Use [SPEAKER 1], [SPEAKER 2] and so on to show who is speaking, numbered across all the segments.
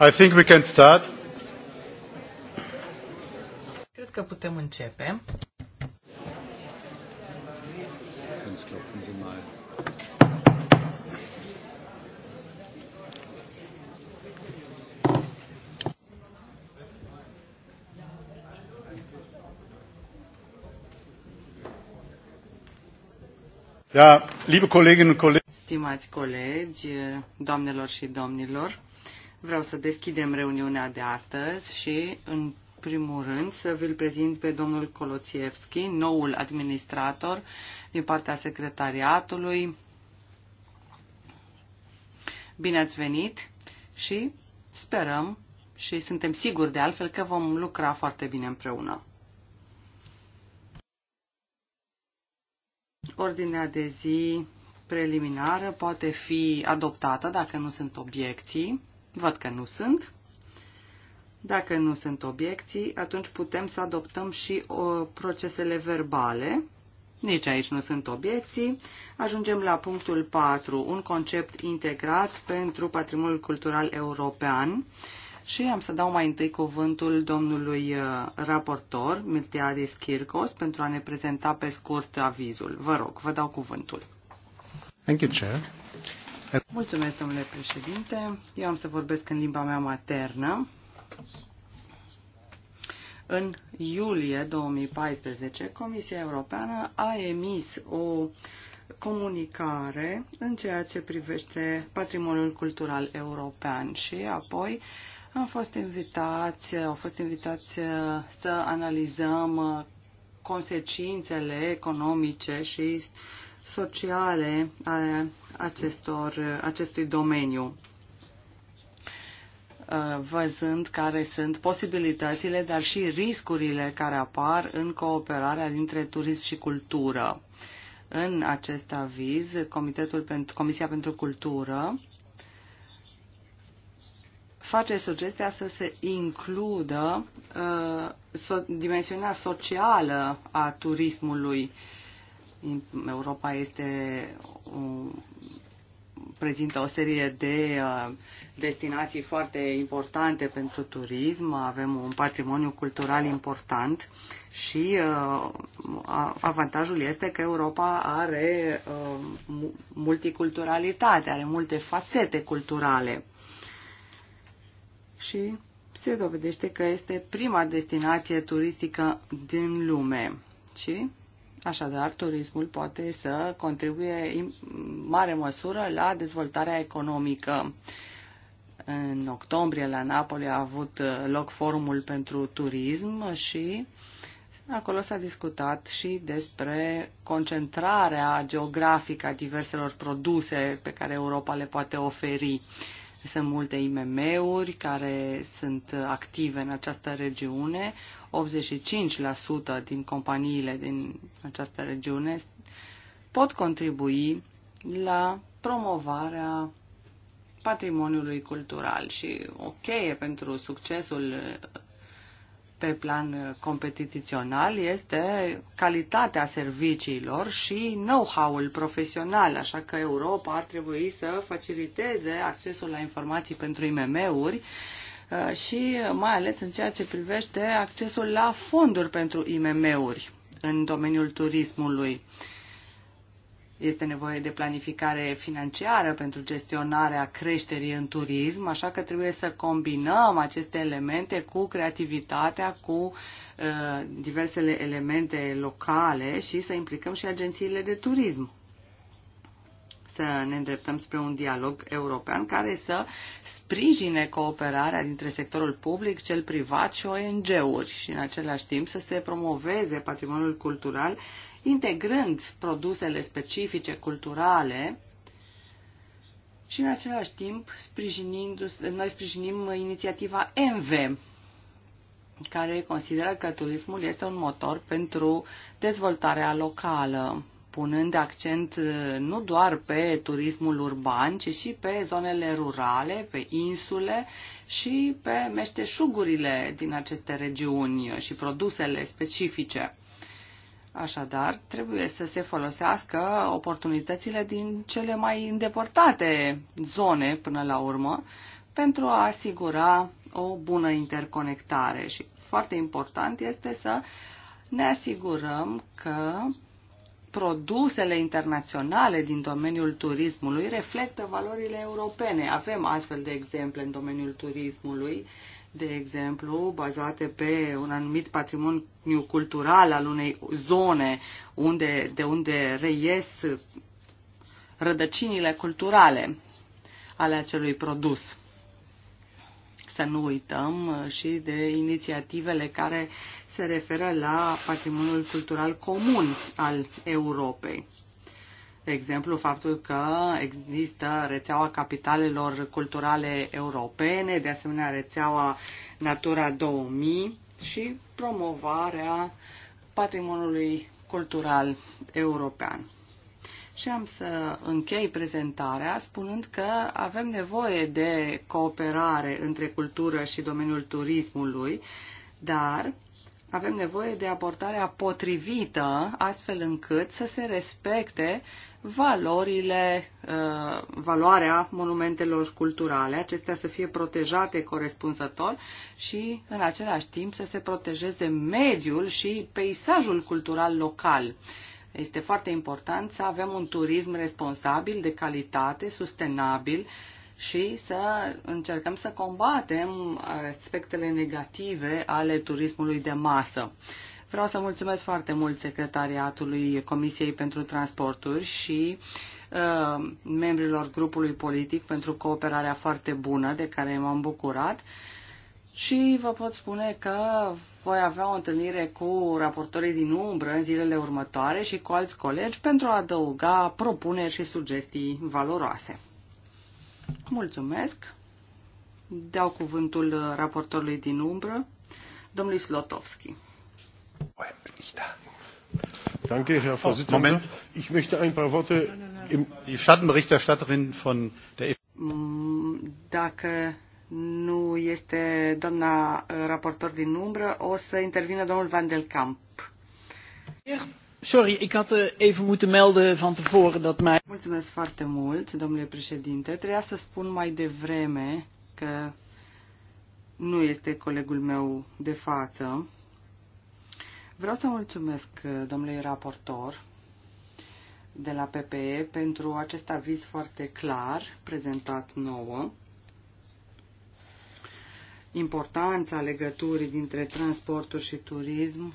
[SPEAKER 1] I think we can start.
[SPEAKER 2] Cred că putem începe. Da, liebe Kolleginnen und Kollegen. Stimați colegi, doamnelor și domnilor, Vreau să deschidem reuniunea de astăzi și, în primul rând, să vi-l prezint pe domnul Koloțievski, noul administrator din partea secretariatului. Bine ați venit și sperăm și suntem siguri de altfel că vom lucra foarte bine împreună. Ordinea de zi preliminară poate fi adoptată dacă nu sunt obiecții. Văd că nu sunt. Dacă nu sunt obiecții, atunci putem să adoptăm și o, procesele verbale. Nici aici nu sunt obiecții. Ajungem la punctul 4, un concept integrat pentru patrimoniul cultural european. Și am să dau mai întâi cuvântul domnului uh, raportor, Miltiadis Kirkos, pentru a ne prezenta pe scurt avizul. Vă rog, vă dau cuvântul. Thank you, Chair. Mulțumesc, domnule președinte. Eu am să vorbesc în limba mea maternă. În iulie 2014, Comisia Europeană a emis o comunicare în ceea ce privește patrimoniul cultural european și apoi am fost invitați, au fost invitați uh, să analizăm uh, consecințele economice și sociale ale acestor, acestui domeniu uh, văzând care sunt posibilitățile, dar și riscurile care apar în cooperarea dintre turism și cultură. În acest aviz, Comitetul pentru, Comisia pentru Cultură face sugestia să se includă uh, so, dimensiunea socială a turismului uh, Europa este um, prezintă o serie de uh, destinații foarte importante pentru turism, avem un patrimoniu cultural important și uh, avantajul este că Europa are uh, multiculturalitate, are multe fațete culturale. Și se dovedește că este prima destinație turistică din lume. Și Așadar, turismul poate să contribuie în mare măsură la dezvoltarea economică. În octombrie la Napoli a avut loc forumul pentru turism și acolo s-a discutat și despre concentrarea geografică a diverselor produse pe care Europa le poate oferi. Uh, sunt multe IMM-uri care sunt active în această regiune. 85% din companiile din această regiune pot contribui la promovarea patrimoniului cultural și o cheie pentru succesul pe plan uh, competițional este calitatea serviciilor și know-how-ul profesional, așa că Europa ar trebui să faciliteze accesul la informații pentru IMM-uri uh, și mai ales în ceea ce privește accesul la fonduri pentru IMM-uri în domeniul turismului. Este nevoie de planificare financiară pentru gestionarea creșterii în turism, așa că trebuie să combinăm aceste elemente cu creativitatea, cu uh, diversele elemente locale și să implicăm și agențiile de turism să ne îndreptăm spre un dialog european care să sprijine cooperarea dintre sectorul public, cel privat și ONG-uri și în același timp să se promoveze patrimoniul cultural integrând produsele specifice culturale și în același timp noi sprijinim inițiativa MV care consideră că turismul este un motor pentru dezvoltarea locală punând accent uh, nu doar pe turismul urban, ci și pe zonele rurale, pe insule și pe meșteșugurile din aceste regiuni și produsele specifice. Așadar, trebuie să se folosească oportunitățile din cele mai îndepărtate zone până la urmă pentru a asigura o bună interconectare și foarte important este să ne asigurăm că produsele internaționale din domeniul turismului reflectă valorile europene. Avem astfel de exemple în domeniul turismului, de exemplu, bazate pe un anumit patrimoniu cultural al unei zone unde, de unde reies rădăcinile culturale ale acelui produs. Să nu uităm și de inițiativele care uh, se referă la patrimoniul cultural comun al Europei. De exemplu, faptul că există rețeaua capitalelor culturale europene, de asemenea rețeaua Natura 2000 și promovarea patrimoniului cultural european. Și am să închei prezentarea spunând că avem nevoie de cooperare între cultură și domeniul turismului, dar avem nevoie de abordarea potrivită, astfel încât să se respecte valorile, uh, valoarea monumentelor culturale, acestea să fie protejate corespunzător și în același timp să se protejeze mediul și peisajul cultural local. Este foarte important să avem un turism responsabil, de calitate, sustenabil, și să încercăm să combatem aspectele negative ale turismului de masă. Vreau să mulțumesc foarte mult secretariatului Comisiei pentru Transporturi și uh, membrilor grupului politic pentru cooperarea foarte bună de care m-am bucurat și vă pot spune că voi avea o întâlnire cu raportorii din umbră în zilele următoare și cu alți colegi pentru a adăuga propuneri și sugestii valoroase. Mulțumesc. Dau cuvântul raportorului din umbră, domnului Slotovski. Da. Danke, Herr oh, Vorsitzender. Moment. Ich möchte ein paar Worte im Die Schattenberichterstatterin von der mm, Dacă nu este doamna uh, raportor din umbră, o să intervină domnul Van del Camp. Sorry, ik had eh, even moeten melden van tevoren dat mij... Mulțumesc foarte mult, domnule președinte. Trebuia să spun mai devreme că nu este colegul meu de față. Vreau să mulțumesc eh, domnului raportor de la PPE pentru acest aviz foarte clar prezentat nouă. Importanța legăturii dintre transportul și turism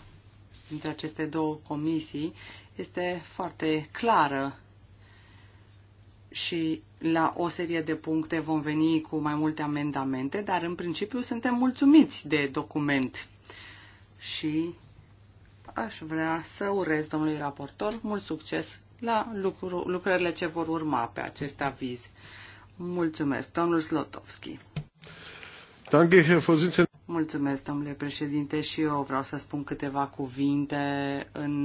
[SPEAKER 2] dintre aceste două comisii este foarte clară și la o serie de puncte vom veni cu mai multe amendamente, dar în principiu suntem mulțumiți de document. Și aș vrea să urez domnului raportor mult succes la lucru, lucrările ce vor urma pe acest aviz. Mulțumesc, domnul Slotovski. Danke, Herr Vorsitzender. Mulțumesc, domnule președinte, și eu vreau să spun câteva cuvinte în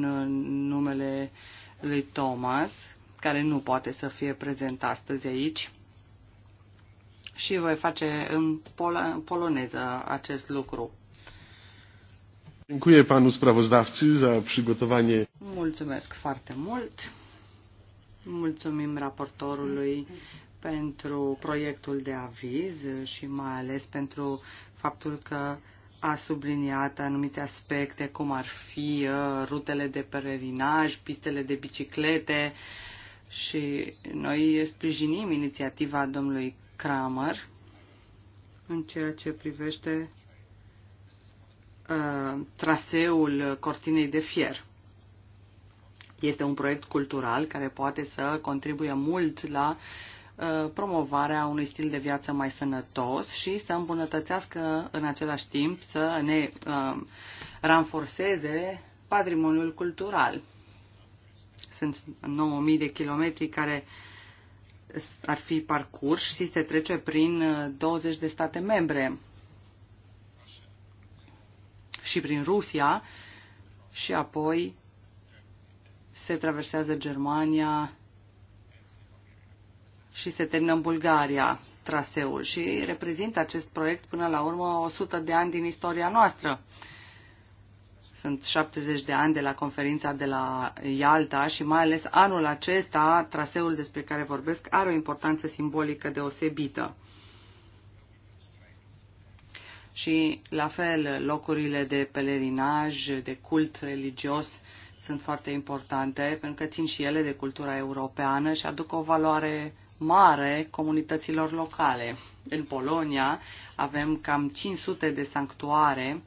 [SPEAKER 2] numele lui Thomas, care nu poate să fie prezent astăzi aici. Și voi face în pol- poloneză acest lucru. Dziękuję panu sprawozdawcy za przygotowanie. Mulțumesc foarte mult. Mulțumim raportorului pentru proiectul de aviz și mai ales pentru faptul că a subliniat anumite aspecte, cum ar fi uh, rutele de pererinaj, pistele de biciclete și noi sprijinim inițiativa domnului Kramer în ceea ce privește uh, traseul cortinei de fier. Este un proiect cultural care poate să contribuie mult la uh, Uh, promovarea unui stil de viață mai sănătos și să îmbunătățească în același timp să ne uh, ranforseze patrimoniul cultural. Sunt 9.000 de kilometri care ar fi parcurs și se trece prin 20 uh, de state membre și prin Rusia și apoi se traversează Germania, și se termină în Bulgaria traseul și reprezintă acest proiect până la urmă 100 de ani din istoria noastră. Sunt 70 de ani de la conferința de la Ialta și mai ales anul acesta traseul despre care vorbesc are o importanță simbolică deosebită. Și la fel, locurile de pelerinaj, de cult religios sunt foarte importante pentru că țin și ele de cultura europeană și aduc o valoare mare comunităților locale. În Polonia avem cam 500 de sanctuare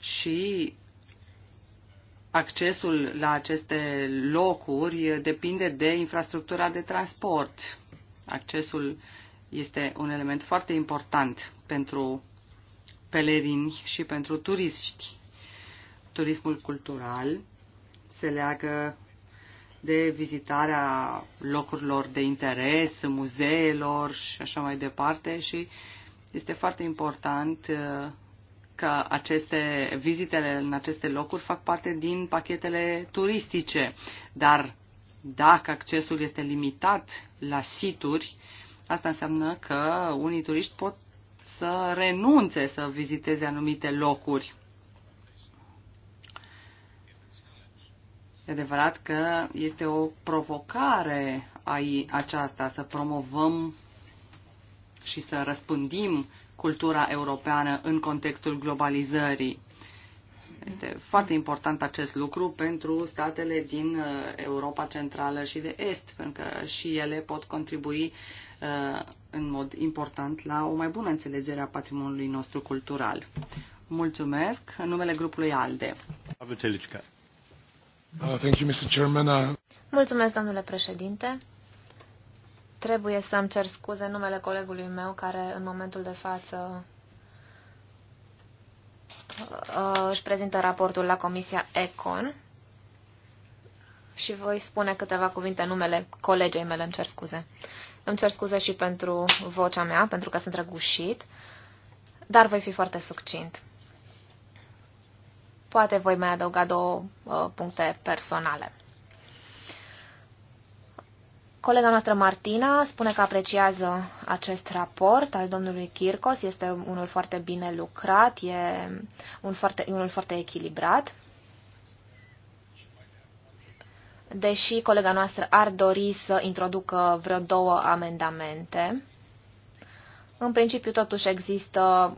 [SPEAKER 2] și accesul la aceste locuri depinde de infrastructura de transport. Accesul este un element foarte important pentru pelerini și pentru turiști. Turismul cultural se leagă de vizitarea locurilor de interes, muzeelor și așa mai departe și este foarte important uh, că aceste vizitele în aceste locuri fac parte din pachetele turistice, dar dacă accesul este limitat la situri, asta înseamnă că unii turiști pot să renunțe să viziteze anumite locuri E adevărat că este o provocare a aceasta să promovăm și să răspândim cultura europeană în contextul globalizării. Este foarte important acest lucru pentru statele din uh, Europa Centrală și de Est, pentru că și ele pot contribui uh, în mod important la o mai bună înțelegere a patrimoniului nostru cultural. Mulțumesc. În numele grupului ALDE.
[SPEAKER 1] Uh, uh,
[SPEAKER 3] Mulțumesc, domnule președinte. Trebuie să îmi cer scuze numele colegului meu care în momentul de față uh, își prezintă raportul la Comisia ECON și voi spune câteva cuvinte numele colegei mele, îmi cer scuze. Îmi cer scuze și pentru vocea mea, pentru că sunt răgușit, dar voi fi foarte succint. Poate voi mai adăuga două uh, puncte personale. Colega noastră Martina spune că apreciază acest raport al domnului Kirkos. Este unul foarte bine lucrat, e, un foarte, e unul foarte echilibrat. Deși colega noastră ar dori să introducă vreo două amendamente, în principiu totuși există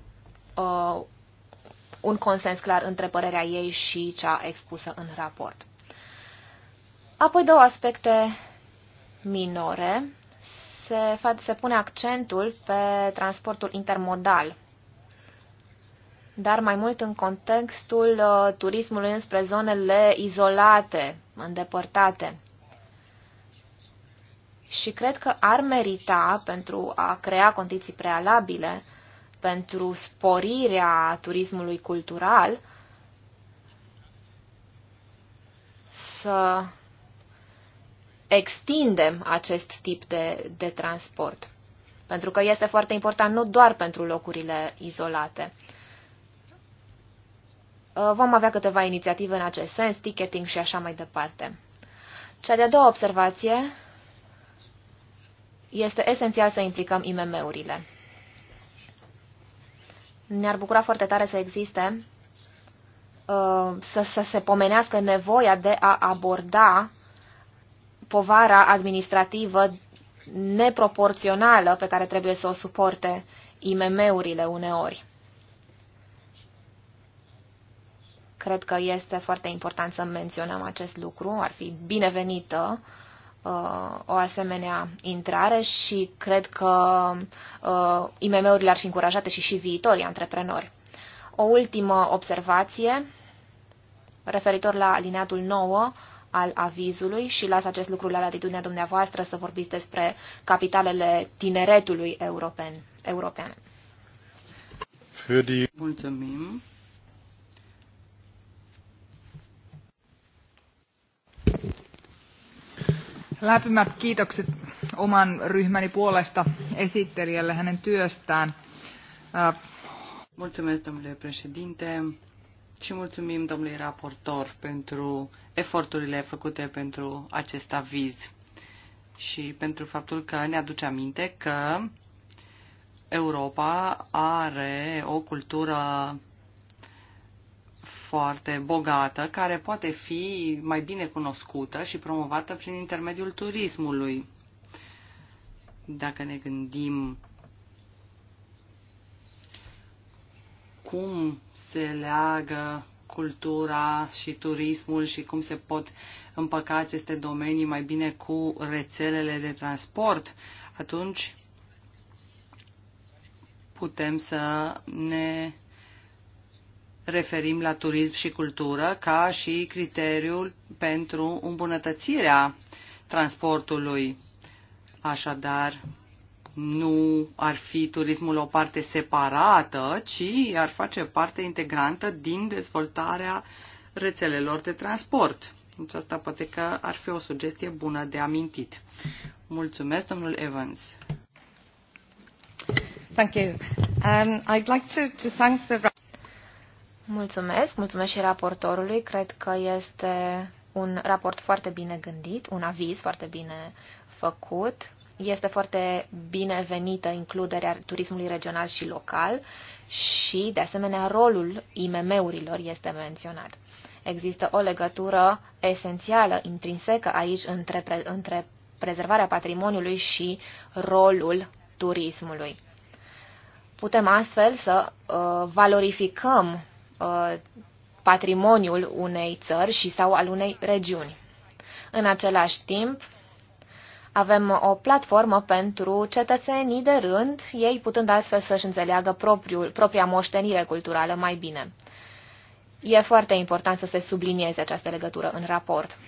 [SPEAKER 3] uh, un consens clar între părerea ei și cea expusă în raport. Apoi două aspecte minore. Se, se pune accentul pe transportul intermodal, dar mai mult în contextul uh, turismului înspre zonele izolate, îndepărtate. Și cred că ar merita, pentru a crea condiții prealabile, pentru sporirea turismului cultural, să extindem acest tip de, de transport. Pentru că este foarte important nu doar pentru locurile izolate. Uh, vom avea câteva inițiative în acest sens, ticketing și așa mai departe. Cea de-a doua observație este esențial să implicăm IMM-urile. Ne-ar bucura foarte tare să existe, uh, să, să se pomenească nevoia de a aborda povara administrativă neproporțională pe care trebuie să o suporte IMM-urile uneori. Cred că este foarte important să menționăm acest lucru, ar fi binevenită uh, uh, o asemenea intrare și cred că uh, IMM-urile ar fi încurajate și și viitorii antreprenori. O ultimă observație referitor la alineatul 9 al avizului și las acest lucru la latitudinea dumneavoastră să vorbiți despre capitalele tineretului european. european.
[SPEAKER 2] Mulțumim Lämpimät kiitokset oman ryhmäni puolesta esittelijälle hänen työstään. Mulțumesc, domnule președinte, și mulțumim, domnului raportor, pentru eforturile făcute pentru acest aviz și pentru faptul că ne aduce aminte că Europa are o cultură foarte bogată, care poate fi mai bine cunoscută și promovată prin intermediul turismului. Dacă ne gândim cum se leagă cultura și turismul și cum se pot împăca aceste domenii mai bine cu rețelele de transport, atunci putem să ne referim la turism și cultură ca și criteriul pentru îmbunătățirea transportului. Așadar, nu ar fi turismul o parte separată, ci ar face parte integrantă din dezvoltarea rețelelor de transport. Deci asta poate că ar fi o sugestie bună de amintit. Mulțumesc, domnul Evans.
[SPEAKER 3] Thank you. Um, I'd like to, to thank the... Mulțumesc, mulțumesc și raportorului. Cred că este un raport foarte bine gândit, un aviz foarte bine făcut. Este foarte binevenită includerea turismului regional și local și, de asemenea, rolul IMM-urilor este menționat. Există o legătură esențială, intrinsecă aici, între, pre- între prezervarea patrimoniului și rolul turismului. Putem astfel să uh, valorificăm Uh, patrimoniul unei țări și sau al unei regiuni. În același timp, avem o platformă pentru cetățenii de rând, ei putând astfel să-și înțeleagă propriul, propria moștenire culturală mai bine. E foarte important să se sublinieze această legătură în raport.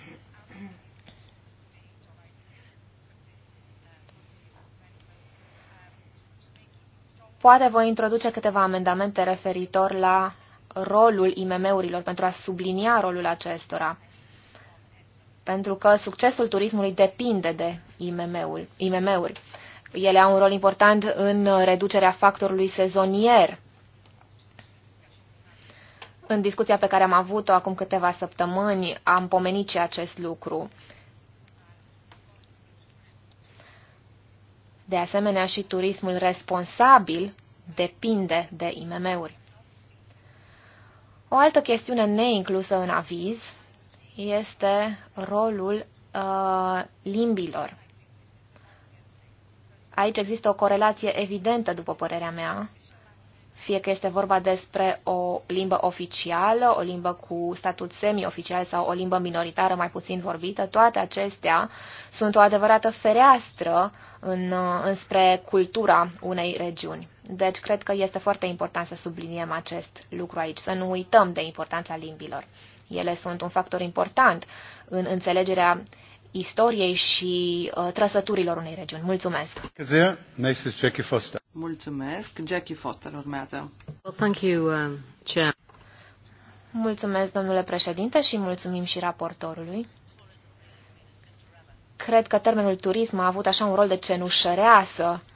[SPEAKER 3] Poate voi introduce câteva amendamente referitor la rolul IMM-urilor, pentru a sublinia rolul acestora. Pentru că succesul turismului depinde de IMM-uri. IMM Ele au un rol important în reducerea factorului sezonier. În discuția pe care am avut-o acum câteva săptămâni, am pomenit și acest lucru. De asemenea, și turismul responsabil depinde de IMM-uri. O altă chestiune neinclusă în aviz este rolul uh, limbilor. Aici există o corelație evidentă, după părerea mea, fie că este vorba despre o limbă oficială, o limbă cu statut semi-oficial sau o limbă minoritară mai puțin vorbită, toate acestea sunt o adevărată fereastră în, uh, înspre cultura unei regiuni. Deci cred că este foarte important să subliniem acest lucru aici, să nu uităm de importanța limbilor. Ele sunt un factor important în înțelegerea istoriei și uh, trăsăturilor unei regiuni. Mulțumesc!
[SPEAKER 1] Foster.
[SPEAKER 2] Mulțumesc! Jackie Foster urmează.
[SPEAKER 3] Well, thank you,
[SPEAKER 2] uh, Chair.
[SPEAKER 3] Mulțumesc, domnule președinte, și mulțumim și raportorului. Cred că termenul turism a avut așa un rol de cenușăreasă uh,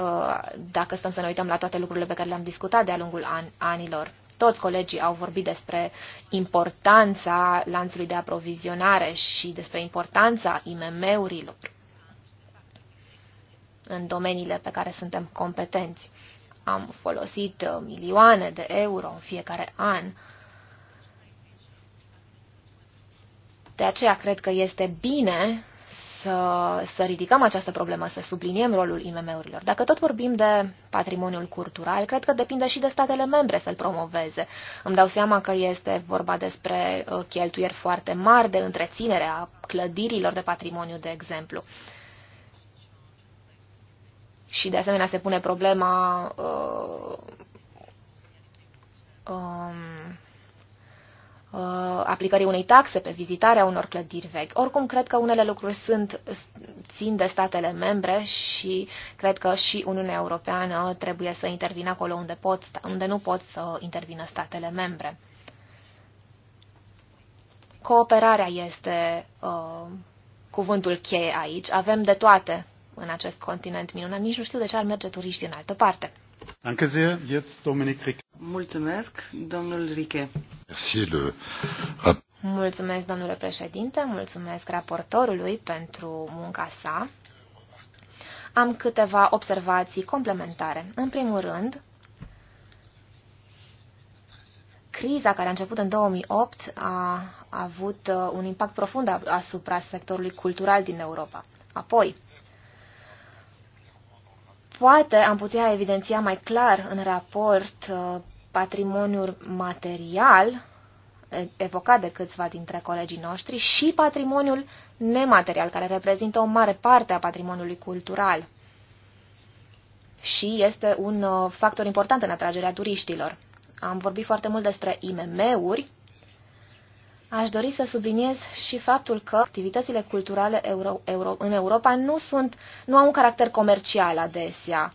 [SPEAKER 3] Uh, dacă stăm să ne uităm la toate lucrurile pe care le-am discutat de-a lungul an anilor. Toți colegii au vorbit despre importanța lanțului de aprovizionare și despre importanța IMM-urilor în domeniile pe care suntem competenți. Am folosit uh, milioane de euro în fiecare an. De aceea cred că este bine să, să ridicăm această problemă, să subliniem rolul IMM-urilor. Dacă tot vorbim de patrimoniul cultural, cred că depinde și de statele membre să-l promoveze. Îmi dau seama că este vorba despre uh, cheltuieri foarte mari de întreținere a clădirilor de patrimoniu, de exemplu. Și de asemenea se pune problema uh, um, Uh, aplicării unei taxe pe vizitarea unor clădiri vechi. Oricum, cred că unele lucruri sunt, țin de statele membre și cred că și Uniunea Europeană trebuie să intervină acolo unde, pot, unde nu pot să intervină statele membre. Cooperarea este uh, cuvântul cheie aici. Avem de toate în acest continent minunat. Nici nu știu de ce ar merge turiști din altă parte.
[SPEAKER 2] Danke sehr. Jetzt Dominik Rick.
[SPEAKER 3] Mulțumesc, domnul Riche.
[SPEAKER 2] Merci le...
[SPEAKER 3] Mulțumesc, domnule președinte, mulțumesc raportorului pentru munca sa. Am câteva observații complementare. În primul rând, criza care a început în 2008 a avut uh, un impact profund asupra sectorului cultural din Europa. Apoi, Poate am putea evidenția mai clar în raport uh, patrimoniul material evocat de câțiva dintre colegii noștri și patrimoniul nematerial, care reprezintă o mare parte a patrimoniului cultural și este un uh, factor important în atragerea turiștilor. Am vorbit foarte mult despre IMM-uri Aș dori să subliniez și faptul că activitățile culturale euro, euro, în Europa nu, sunt, nu au un caracter comercial adesea.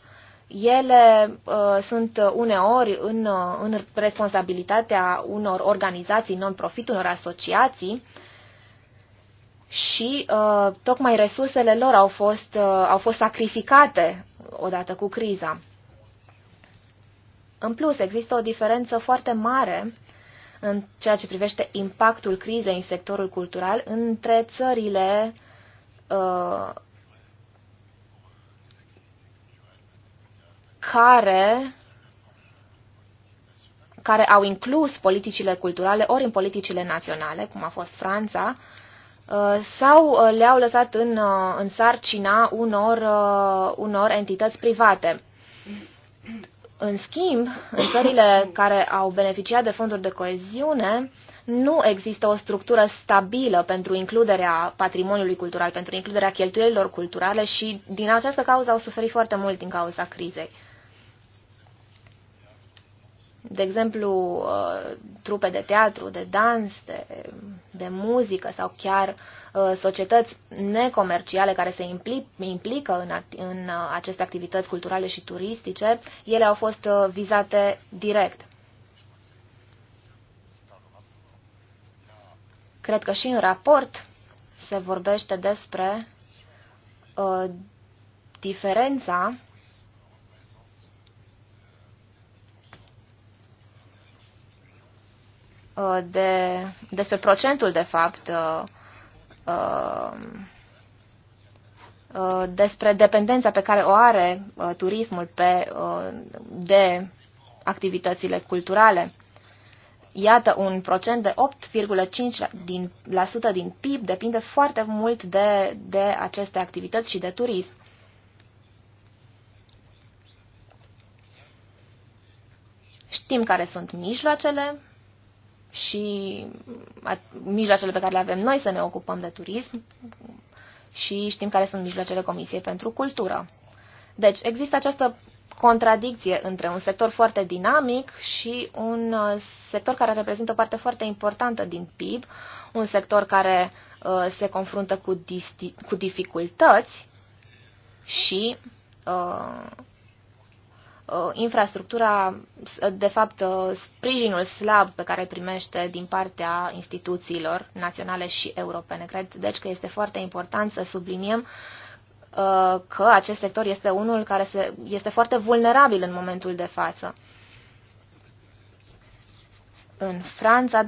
[SPEAKER 3] Ele uh, sunt uneori în, uh, în responsabilitatea unor organizații non-profit, unor asociații și uh, tocmai resursele lor au fost, uh, au fost sacrificate odată cu criza. În plus, există o diferență foarte mare în ceea ce privește impactul crizei în sectorul cultural între țările uh, care care au inclus politicile culturale ori în politicile naționale, cum a fost Franța, uh, sau uh, le-au lăsat în, uh, în sarcina unor, unor entități private. În schimb, în țările care au beneficiat de fonduri de coeziune, nu există o structură stabilă pentru includerea patrimoniului cultural, pentru includerea cheltuielilor culturale și din această cauză au suferit foarte mult din cauza crizei de exemplu, uh, trupe de teatru, de dans, de, de muzică sau chiar uh, societăți necomerciale care se implică în, în uh, aceste activități culturale și turistice, ele au fost vizate direct. Cred că și în raport se vorbește despre uh, diferența Uh, de, despre procentul, de fapt, uh, uh, despre dependența pe care o are turismul pe, de activitățile culturale. Iată, un procent de 8,5% din, la sută din PIB depinde foarte mult de, de aceste activități și de turism. Știm care sunt mijloacele și mijloacele pe care le avem noi să ne ocupăm de turism și știm care sunt mijloacele Comisiei pentru Cultură. Deci există această contradicție între un sector foarte dinamic și un uh, sector care reprezintă o parte foarte importantă din PIB, un sector care uh, se confruntă cu, cu dificultăți și uh, Uh, infrastructura, de fapt, uh, sprijinul slab pe care îl primește din partea instituțiilor naționale și europene. Cred, deci, că este foarte important să subliniem uh, că acest sector este unul care se, este foarte vulnerabil în momentul de față. În Franța,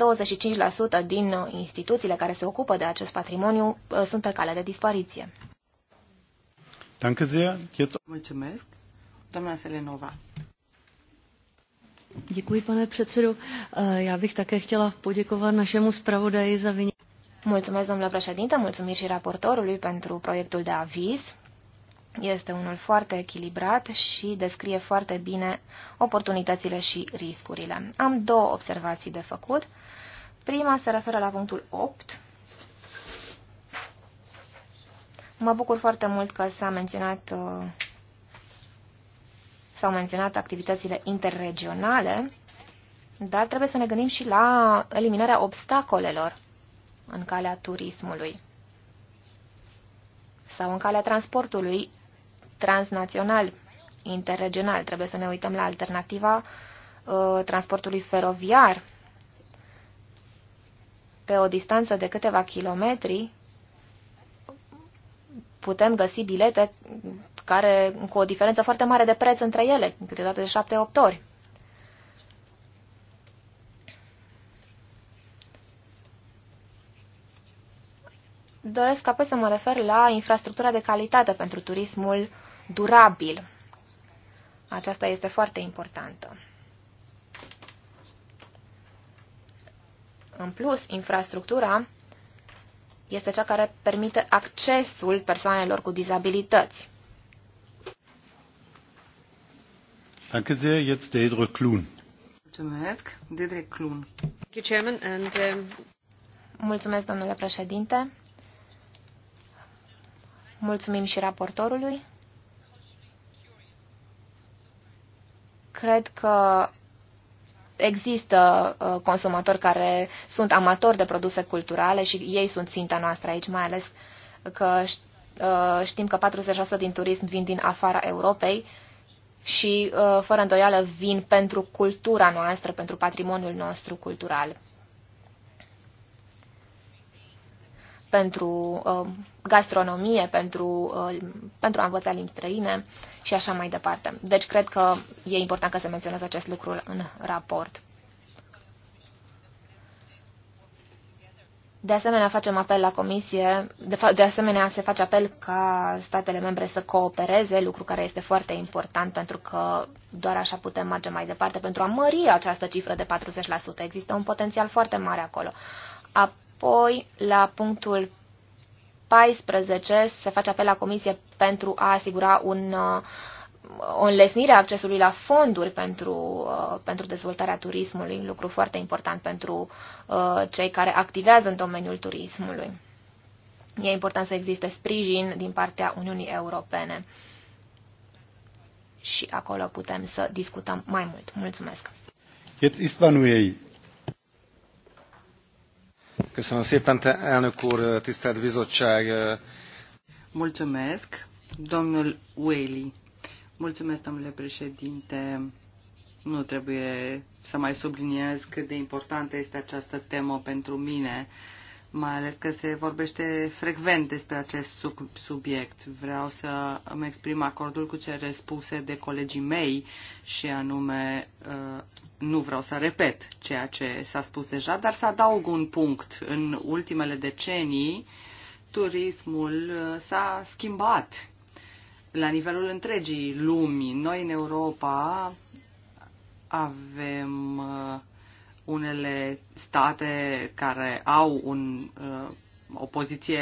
[SPEAKER 3] 25% din instituțiile care se ocupă de acest patrimoniu sunt pe cale de dispariție.
[SPEAKER 2] Mulțumesc. Doamna Selenova.
[SPEAKER 3] Děkuji, pane předsedo. Eh, já bych také chtěla poděkovat našemu zpravodaji za vyně. Mulțumesc, domnule președinte, mulțumiri și raportorului pentru proiectul de aviz. Este unul foarte echilibrat și descrie foarte bine oportunitățile și riscurile. Am două observații de făcut. Prima se referă la punctul 8. Mă bucur foarte mult că s-a menționat uh, s-au menționat activitățile interregionale, dar trebuie să ne gândim și la eliminarea obstacolelor în calea turismului sau în calea transportului transnațional, interregional. Trebuie să ne uităm la alternativa uh, transportului feroviar pe o distanță de câteva kilometri putem găsi bilete care cu o diferență foarte mare de preț între ele, câteodată de 7-8 ori. Doresc apoi să mă refer la infrastructura de calitate pentru turismul durabil. Aceasta este foarte importantă. În plus, infrastructura este cea care permite accesul persoanelor cu dizabilități.
[SPEAKER 2] Danke sehr, jetzt Deidre Mulțumesc,
[SPEAKER 3] Deidre Klun. Um, Mulțumesc, domnule președinte. Mulțumim și raportorului. Cred că există uh, consumatori care sunt amatori de produse culturale și ei sunt ținta noastră aici, mai ales că uh, știm că 40% din turism vin din afara Europei și, uh, fără îndoială, vin pentru cultura noastră, pentru patrimoniul nostru cultural. pentru uh, gastronomie, pentru, uh, pentru a învăța limbi străine și așa mai departe. Deci cred că e important că se menționează acest lucru în raport. De asemenea, facem apel la Comisie, de, fa- de asemenea, se face apel ca statele membre să coopereze, lucru care este foarte important pentru că doar așa putem merge mai departe pentru a mări această cifră de 40%. Există un potențial foarte mare acolo. Apoi, la punctul 14, se face apel la Comisie pentru a asigura un uh, o înlesnire a accesului la fonduri pentru, uh, pentru dezvoltarea turismului, lucru foarte important pentru uh, cei care activează în domeniul turismului. E important să existe sprijin din partea Uniunii Europene și acolo putem să discutăm mai mult. Mulțumesc!
[SPEAKER 2] Jetzt ist Köszönöm szépen, te, elnök úr, tisztelt bizottság. Mulțumesc, domnul Whaley. Mulțumesc, domnule președinte. Nu trebuie să mai subliniez cât de importantă este această temă pentru mine, mai ales că se vorbește frecvent despre acest subiect. Vreau să îmi exprim acordul cu cele spuse de colegii mei și anume uh, nu vreau să repet ceea ce s-a spus deja, dar să adaug un punct. În ultimele decenii, turismul uh, s-a schimbat la nivelul întregii lumii. Noi în Europa avem uh, unele state care au un, uh, o poziție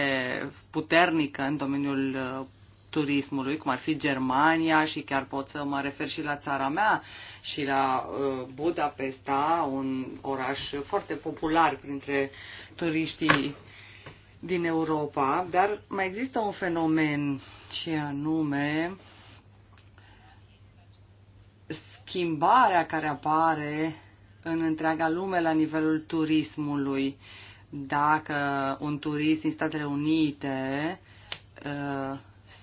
[SPEAKER 2] puternică în domeniul uh, turismului, cum ar fi Germania și chiar pot să mă refer și la țara mea și la Budapesta, un oraș foarte popular printre turiștii din Europa, dar mai există un fenomen ce anume schimbarea care apare în întreaga lume la nivelul turismului. Dacă un turist din Statele Unite uh,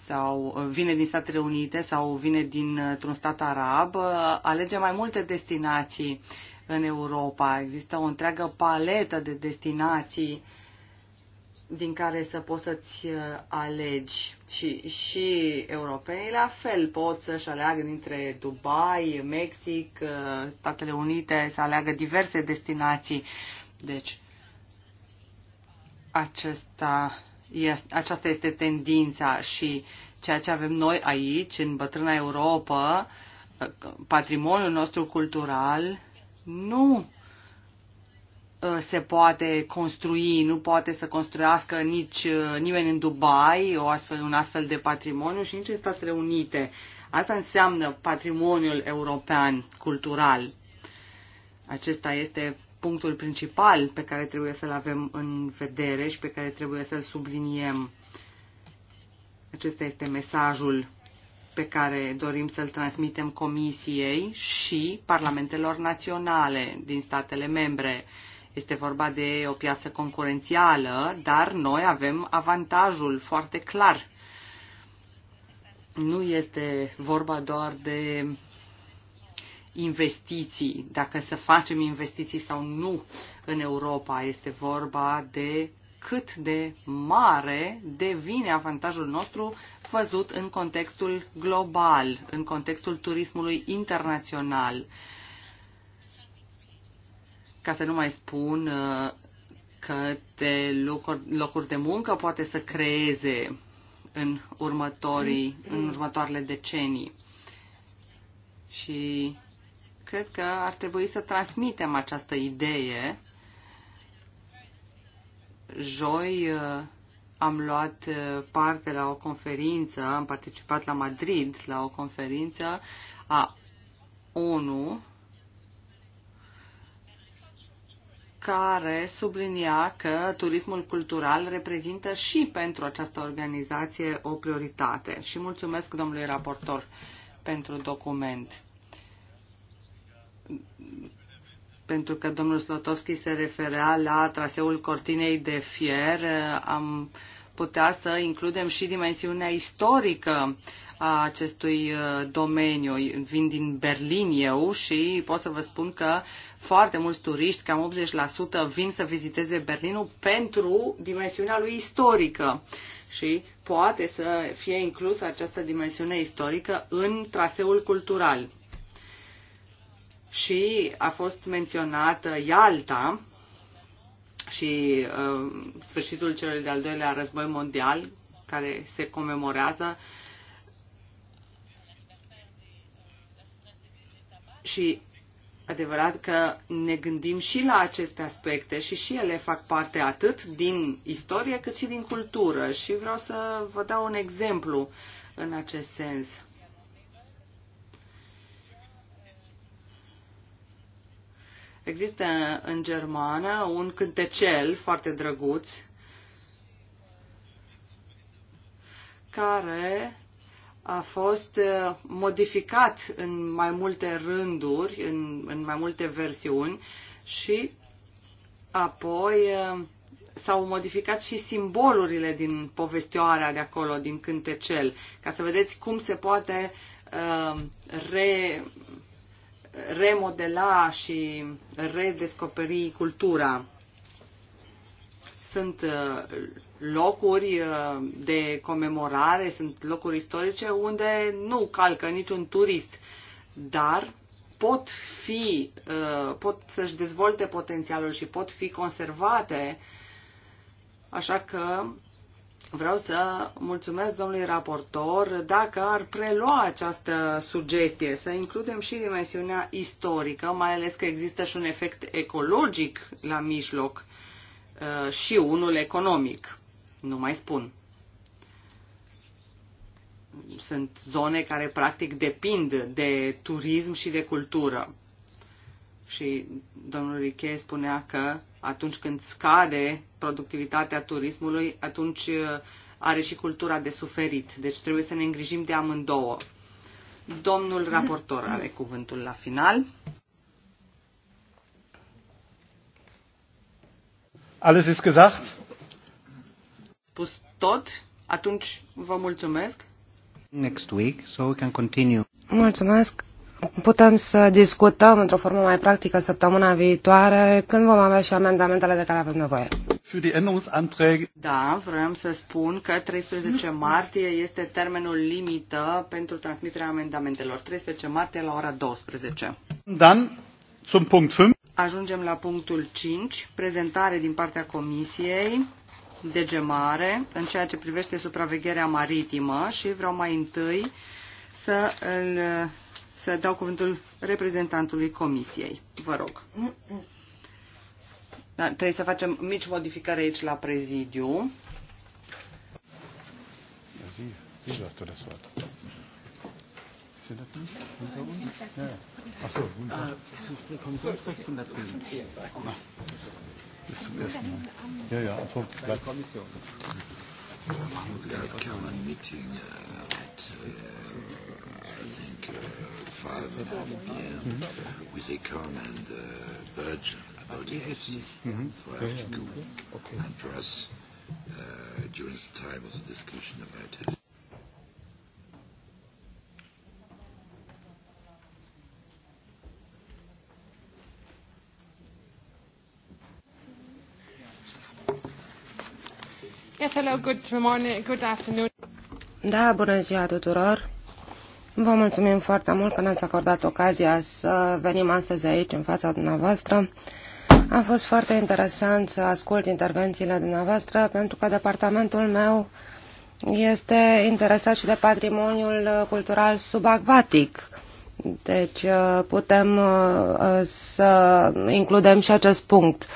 [SPEAKER 2] sau vine din Statele Unite sau vine dintr-un stat arab, uh, alege mai multe destinații în Europa. Există o întreagă paletă de destinații uh, din care să poți să-ți uh, alegi. Și, și europenii la fel pot să-și aleagă dintre Dubai, Mexic, uh, Statele Unite, să aleagă diverse destinații. Deci, acesta, aceasta este tendința și ceea ce avem noi aici, în bătrâna Europa, uh, patrimoniul nostru cultural, nu Uh, se poate construi, nu poate să construiască nici uh, nimeni în Dubai o astfel, un astfel de patrimoniu și nici în Statele Unite. Asta înseamnă patrimoniul european cultural. Acesta este punctul principal pe care trebuie să-l avem în vedere și pe care trebuie să-l subliniem. Acesta este mesajul pe care dorim să-l transmitem Comisiei și Parlamentelor Naționale din statele membre. Este vorba de o piață concurențială, dar noi avem avantajul foarte clar. Nu este vorba doar de investiții, dacă să facem investiții sau nu în Europa. Este vorba de cât de mare devine avantajul nostru văzut în contextul global, în contextul turismului internațional. Uh, ca să nu mai spun uh, că de locuri, locuri de muncă poate să creeze în, următorii, în următoarele decenii. Și cred că ar trebui să transmitem această idee. Joi uh, am luat uh, parte la o conferință, am participat la Madrid la o conferință a ONU care sublinia că turismul cultural reprezintă și pentru această organizație o prioritate. Și mulțumesc domnului raportor pentru document. Pentru că domnul Slotovski se referea la traseul cortinei de fier, am putea să includem și dimensiunea istorică a acestui uh, domeniu. Vin din Berlin eu și pot să vă spun că foarte mulți turiști, cam 80%, vin să viziteze Berlinul pentru dimensiunea lui istorică și poate să fie inclusă această dimensiune istorică în traseul cultural. Și a fost menționată Ialta, și uh, sfârșitul celui de-al doilea război mondial, care se comemorează și adevărat că ne gândim și la aceste aspecte și și ele fac parte atât din istorie cât și din cultură și vreau să vă dau un exemplu în acest sens. Există în germană un cântecel foarte drăguț care a fost uh, modificat în mai multe rânduri, în, în mai multe versiuni și apoi uh, s-au modificat și simbolurile din povestioarea de acolo, din cântecel, ca să vedeți cum se poate uh, re, remodela și redescoperi cultura. Sunt uh, locuri uh, de comemorare, sunt locuri istorice unde nu calcă niciun turist, dar pot fi, uh, pot să-și dezvolte potențialul și pot fi conservate. Așa că vreau să mulțumesc domnului raportor dacă ar prelua această sugestie, să includem și dimensiunea istorică, mai ales că există și un efect ecologic la mijloc uh, și unul economic. Nu mai spun. Sunt zone care practic depind de turism și de cultură. Și domnul Riche spunea că atunci când scade productivitatea turismului, atunci uh, are și cultura de suferit. Deci trebuie să ne îngrijim de amândouă. Domnul raportor are cuvântul la final. Alles ist gesagt? spus tot, atunci vă mulțumesc. Next week, so we can continue.
[SPEAKER 1] Mulțumesc. Putem să discutăm într-o formă mai practică săptămâna viitoare, când vom avea și amendamentele de care avem nevoie.
[SPEAKER 2] Da, vreau să spun că 13 martie este termenul limită pentru transmiterea amendamentelor. 13 martie la ora 12. Dan, zum punct 5. Ajungem la punctul 5, prezentare din partea Comisiei de gemare în ceea ce privește supravegherea maritimă și vreau mai întâi să, îl, să dau cuvântul reprezentantului Comisiei. Vă rog. Da, trebuie să facem mici modificări aici la prezidiu. Zi, zi, asta de
[SPEAKER 3] Sind das Ja. Ach so, 100. 500
[SPEAKER 1] bis zum ersten
[SPEAKER 3] Mal. Ja, ja, am Punkt. Bei der Kommission. Mahmoud Erkan, Meeting at, uh, I think, uh, five and a half p.m. Mm -hmm. with Econ and uh, Budge about the AFC. Mm -hmm. So I have to go okay. and press uh, during the time of the discussion about it.
[SPEAKER 1] hello, good morning, good afternoon. Da, bună ziua tuturor. Vă mulțumim foarte mult că ne-ați acordat ocazia să venim astăzi aici în fața dumneavoastră. A fost foarte interesant să ascult intervențiile dumneavoastră pentru că departamentul meu este interesat și de patrimoniul cultural subacvatic. Deci putem uh, să includem și acest punct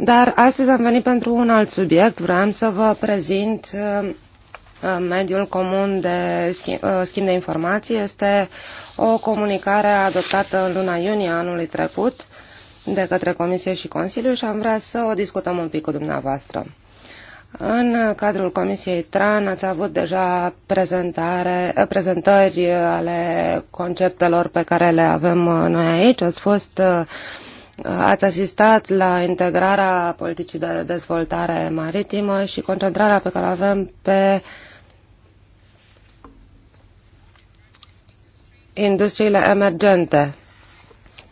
[SPEAKER 1] dar astăzi am venit pentru un alt subiect. Vreau să vă prezint uh, uh, mediul comun de uh, schimb de informații. Este o comunicare adoptată în luna iunie anului trecut de către Comisie și Consiliu și am vrea să o discutăm un pic cu dumneavoastră. În cadrul Comisiei TRAN ați avut deja prezentare, prezentări ale conceptelor pe care le avem noi aici. Ați fost uh, Ați asistat la integrarea politicii de dezvoltare maritimă și concentrarea pe care o avem pe industriile emergente,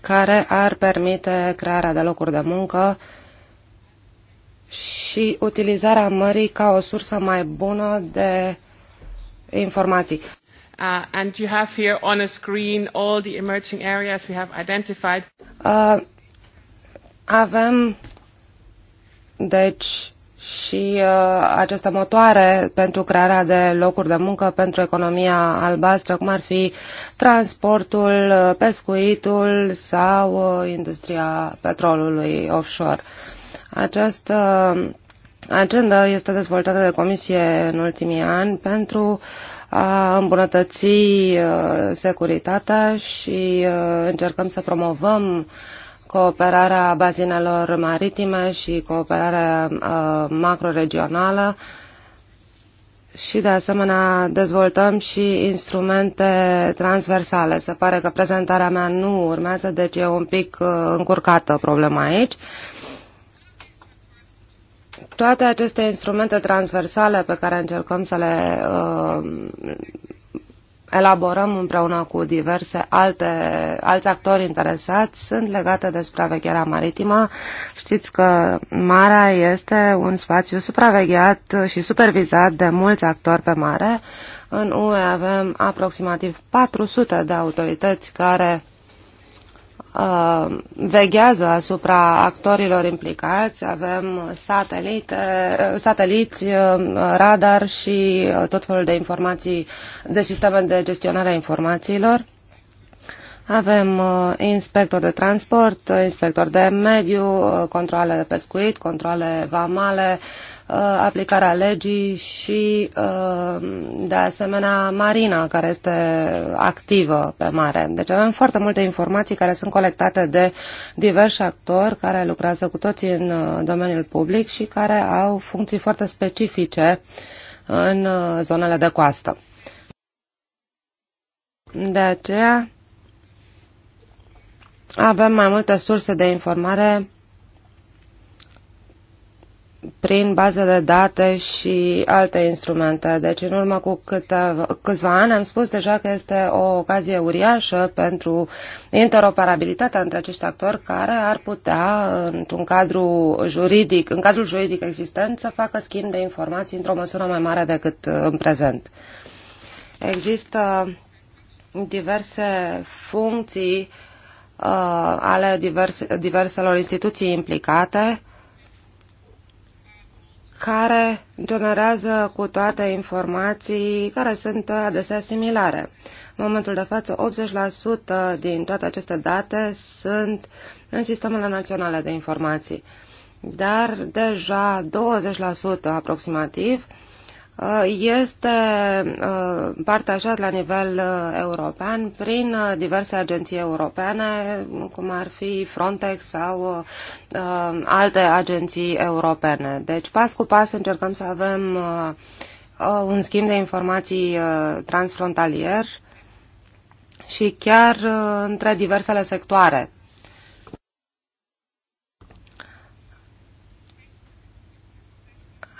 [SPEAKER 1] care ar permite crearea de locuri de muncă și utilizarea mării ca o sursă mai bună de informații.
[SPEAKER 2] Uh, and you have here on a screen all the emerging areas we
[SPEAKER 1] have identified. Uh, avem, deci, și uh, aceste motoare pentru crearea de locuri de muncă pentru economia albastră, cum ar fi transportul, uh, pescuitul sau uh, industria petrolului offshore. Această agendă agenda este dezvoltată de Comisie în ultimii ani pentru a îmbunătăți uh, securitatea și uh, încercăm să promovăm uh, cooperarea bazinelor maritime și cooperarea uh, macroregională și, de asemenea, dezvoltăm și instrumente transversale. Se pare că prezentarea mea nu urmează, deci e un pic uh, încurcată problema aici. Toate aceste instrumente transversale pe care încercăm să le uh, elaborăm împreună cu diverse alte, alți actori interesați sunt legate de supravegherea maritimă. Știți că marea este un spațiu supravegheat și supervizat de mulți actori pe mare. În UE avem aproximativ 400 de autorități care Uh, veghează asupra actorilor implicați. Avem satelite, uh, sateliți, uh, radar și tot felul de informații, de sisteme de gestionare a informațiilor. Avem inspector de transport, inspector de mediu, controle de pescuit, controle vamale, uh, Uh, aplicarea legii și, uh, de asemenea, marina care este activă pe mare. Deci avem foarte multe informații care sunt colectate de diversi actori care lucrează cu toții în uh, domeniul public și care au funcții foarte specifice în zonele de coastă. De aceea avem mai multe surse de informare prin baze de date și alte instrumente. Deci în urmă cu câte, câțiva ani am spus deja că este o ocazie uriașă pentru interoperabilitatea între acești actori care ar putea, într-un cadru juridic, în cadrul juridic existent, să facă schimb de informații într-o măsură mai mare decât uh, în prezent. Există diverse funcții uh, ale diverse, diverselor instituții implicate uh, care generează cu toate informații care sunt adesea similare. În momentul de față, 80% din toate aceste date sunt în sistemele naționale de informații, dar deja 20% aproximativ uh, Uh, este uh, partajat la nivel uh, european prin diverse agenții europene, cum ar fi Frontex sau alte agenții europene. Deci, pas cu pas, încercăm să avem un schimb de informații transfrontalier și chiar între diversele sectoare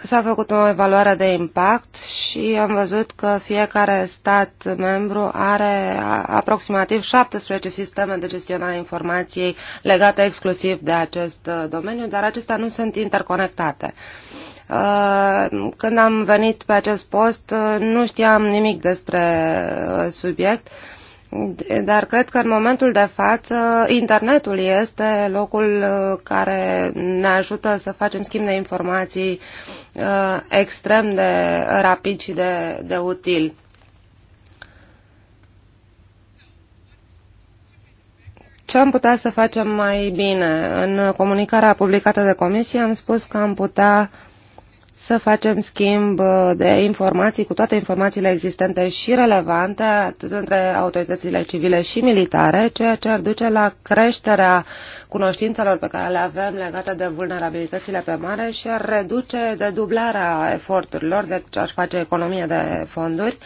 [SPEAKER 1] S-a făcut o evaluare de impact și am văzut că fiecare stat membru are aproximativ 17 sisteme de gestionare a informației legate exclusiv de acest uh, domeniu, dar acestea nu sunt interconectate. Uh, când am venit pe acest post, uh, nu știam nimic despre subiect dar cred că în momentul de față internetul este locul uh, care ne ajută să facem schimb de informații uh, extrem de rapid și de, de util. Ce am putea să facem mai bine? În comunicarea publicată de comisie am spus că am putea uh, să facem schimb uh, de informații cu toate informațiile existente și relevante, atât între autoritățile civile și militare, ceea ce ar duce la creșterea cunoștințelor pe care le avem legate de vulnerabilitățile pe mare și ar reduce de dublarea eforturilor, deci ar face economie de fonduri.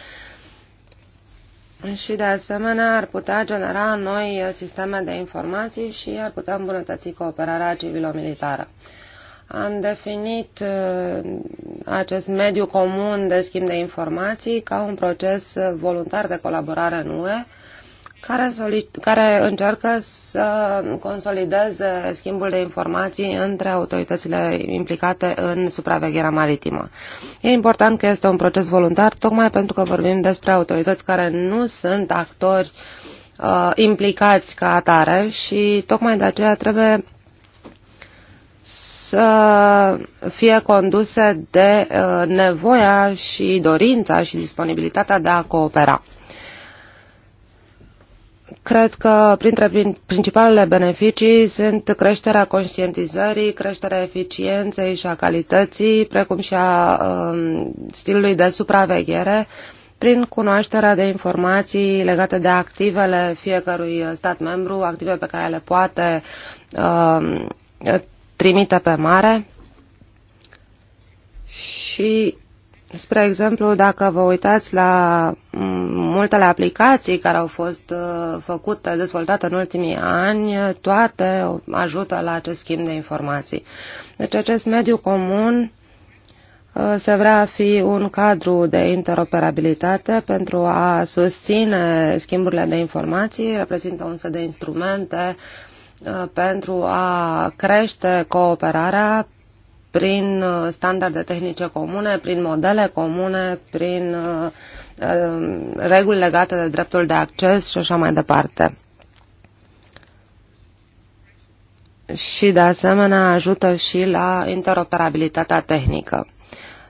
[SPEAKER 1] Și de asemenea ar putea genera noi sisteme de informații și ar putea îmbunătăți cooperarea civilo-militară. Am definit uh, acest mediu comun de schimb de informații ca un proces uh, voluntar de colaborare în UE, care, care încearcă să consolideze schimbul de informații între autoritățile implicate în supravegherea maritimă. E important că este un proces voluntar, tocmai pentru că vorbim despre autorități care nu sunt actori uh, implicați ca atare și tocmai de aceea trebuie să fie conduse de uh, nevoia și dorința și disponibilitatea de a coopera. Cred că printre principalele beneficii sunt creșterea conștientizării, creșterea eficienței și a calității, precum și a um, stilului de supraveghere, prin cunoașterea de informații legate de activele fiecărui stat membru, active pe care le poate um, trimite pe mare și Spre exemplu, dacă vă uitați la mm, multele aplicații care au fost uh, făcute, dezvoltate în ultimii ani, toate ajută la acest schimb de informații. Deci acest mediu comun uh, se vrea a fi un cadru de interoperabilitate pentru a susține schimburile de informații, reprezintă set de instrumente uh, pentru a crește cooperarea prin standarde tehnice comune, prin modele comune, prin uh, reguli legate de dreptul de acces și așa mai departe. Și de asemenea ajută și la interoperabilitatea tehnică.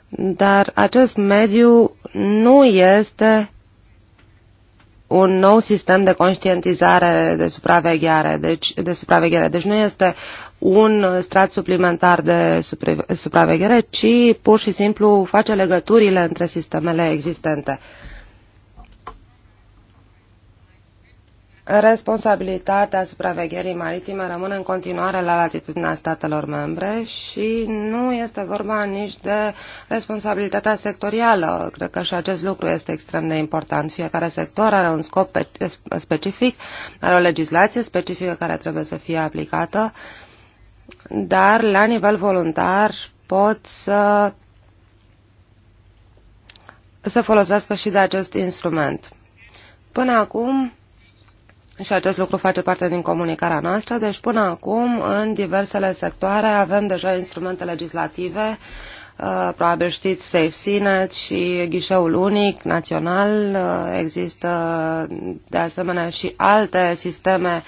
[SPEAKER 1] Dar acest mediu nu este un nou sistem de conștientizare, de supraveghere, deci, de supraveghere. Deci nu este un strat suplimentar de supraveghere, ci pur și simplu face legăturile între sistemele existente. responsabilitatea supravegherii maritime rămâne în continuare la latitudinea statelor membre și nu este vorba nici de responsabilitatea sectorială. Cred că și acest lucru este extrem de important. Fiecare sector are un scop specific, are o legislație specifică care trebuie să fie aplicată, dar la nivel voluntar pot să se folosească și de acest instrument. Până acum, și acest lucru face parte din comunicarea noastră. Deci până acum, în diversele sectoare, avem deja instrumente legislative, uh, probabil știți SafeSeaNet și ghișeul unic național. Uh, există de asemenea și alte sisteme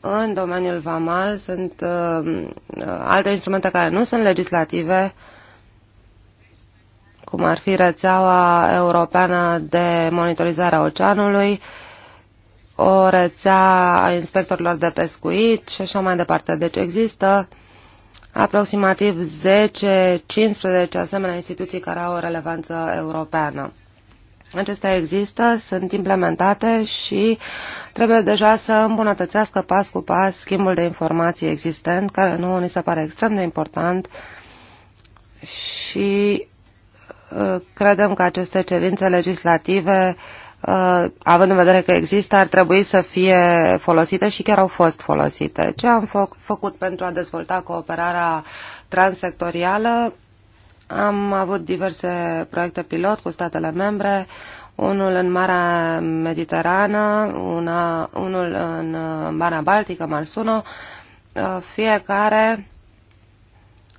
[SPEAKER 1] în domeniul VAMAL, sunt uh, alte instrumente care nu sunt legislative, cum ar fi rețeaua europeană de monitorizare a oceanului, uh, o rețea a inspectorilor de pescuit și așa mai departe. Deci există aproximativ 10-15 asemenea instituții care au o relevanță europeană. Acestea există, sunt implementate și trebuie deja să îmbunătățească pas cu pas schimbul de informații existent, care nu ni se pare extrem de important și uh, credem că aceste cerințe legislative uh, Uh, având în vedere că există, ar trebui să fie folosite și chiar au fost folosite. Ce am fă făcut pentru a dezvolta cooperarea transsectorială? Am avut diverse proiecte pilot cu statele membre, unul în Marea Mediterană, una, unul în Marea uh, Baltică, Marsuno, uh, fiecare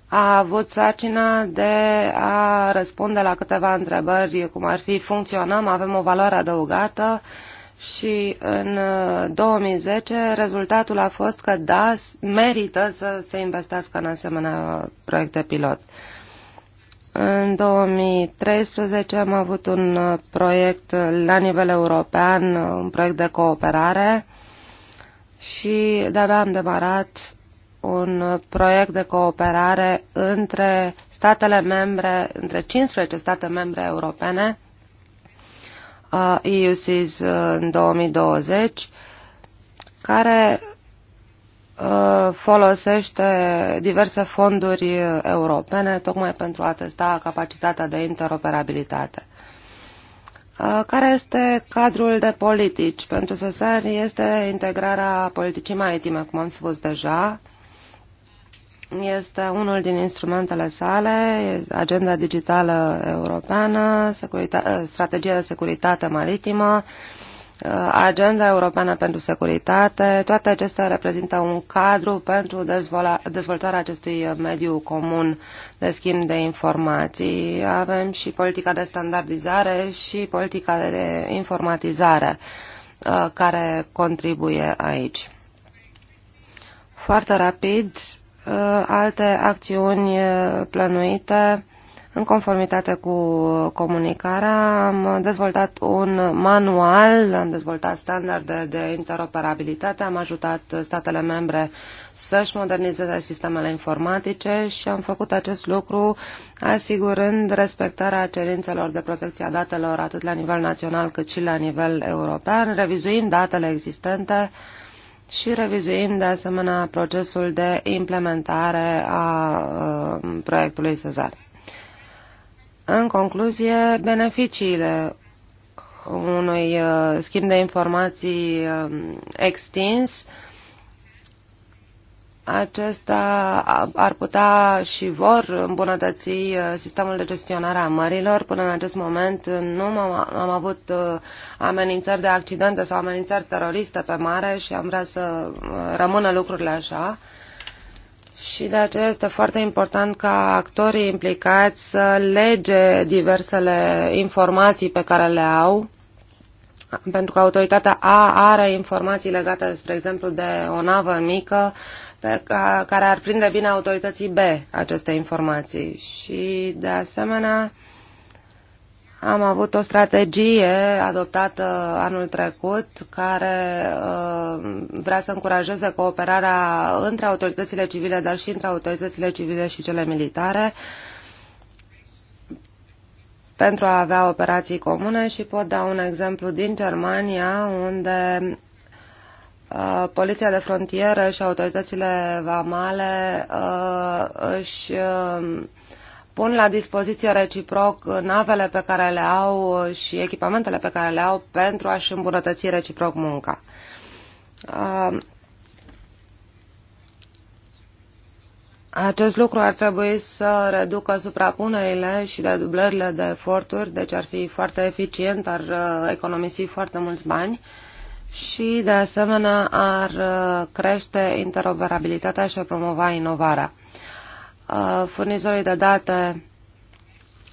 [SPEAKER 1] a avut sarcina de a răspunde la câteva întrebări, cum ar fi funcționăm, avem o valoare adăugată și în 2010 uh, rezultatul a fost că da, merită să se investească în asemenea proiecte pilot. În 2013 am avut un uh, proiect la nivel european, uh, un proiect de cooperare și de-abia am demarat un proiect de cooperare între statele membre, între 15 state membre europene, uh, EUCIS uh, în 2020, care uh, folosește diverse fonduri europene tocmai pentru a testa capacitatea de interoperabilitate. Care este cadrul de politici? Pentru SESAR este integrarea politicii maritime, cum am spus deja, este unul din instrumentele sale, agenda digitală europeană, eh, strategia de securitate maritimă, eh, agenda europeană pentru securitate. Toate acestea reprezintă un cadru pentru dezvoltarea acestui mediu comun de schimb de informații. Avem și politica de standardizare și politica de informatizare eh, care contribuie aici. Foarte rapid, Uh, alte acțiuni uh, plănuite în conformitate cu comunicarea. Am dezvoltat un manual, am dezvoltat standarde de interoperabilitate, am ajutat statele membre să-și modernizeze sistemele informatice și am făcut acest lucru asigurând respectarea cerințelor de protecție a datelor atât la nivel național cât și la nivel european, revizuind datele existente, uh, și revizuim de asemenea procesul de implementare a uh, proiectului Sezar. În concluzie, beneficiile unui uh, schimb de informații uh, extins acesta ar putea și vor îmbunătăți uh, sistemul de gestionare a mărilor. Până în acest moment uh, nu am, avut uh, amenințări de accidente sau amenințări teroriste pe mare și am vrea să rămână lucrurile așa. Și de aceea este foarte important ca actorii implicați să lege diversele informații pe care le au pentru că autoritatea A are informații legate, spre exemplu, de o navă mică pe care ar prinde bine autorității B aceste informații. Și, de asemenea, am avut o strategie adoptată anul trecut care uh, vrea să încurajeze cooperarea între autoritățile civile, dar și între autoritățile civile și cele militare pentru a avea operații comune și pot da un exemplu din Germania unde Uh, poliția de frontieră și autoritățile vamale uh, își um, pun la dispoziție reciproc navele pe care le au și echipamentele pe care le au pentru a-și îmbunătăți reciproc munca. Uh, acest lucru ar trebui să reducă suprapunerile și de dublările de eforturi, deci ar fi foarte eficient, ar economisi foarte mulți bani. Uh, și, de asemenea, ar uh, crește interoperabilitatea și ar promova inovarea. Uh, furnizorii de date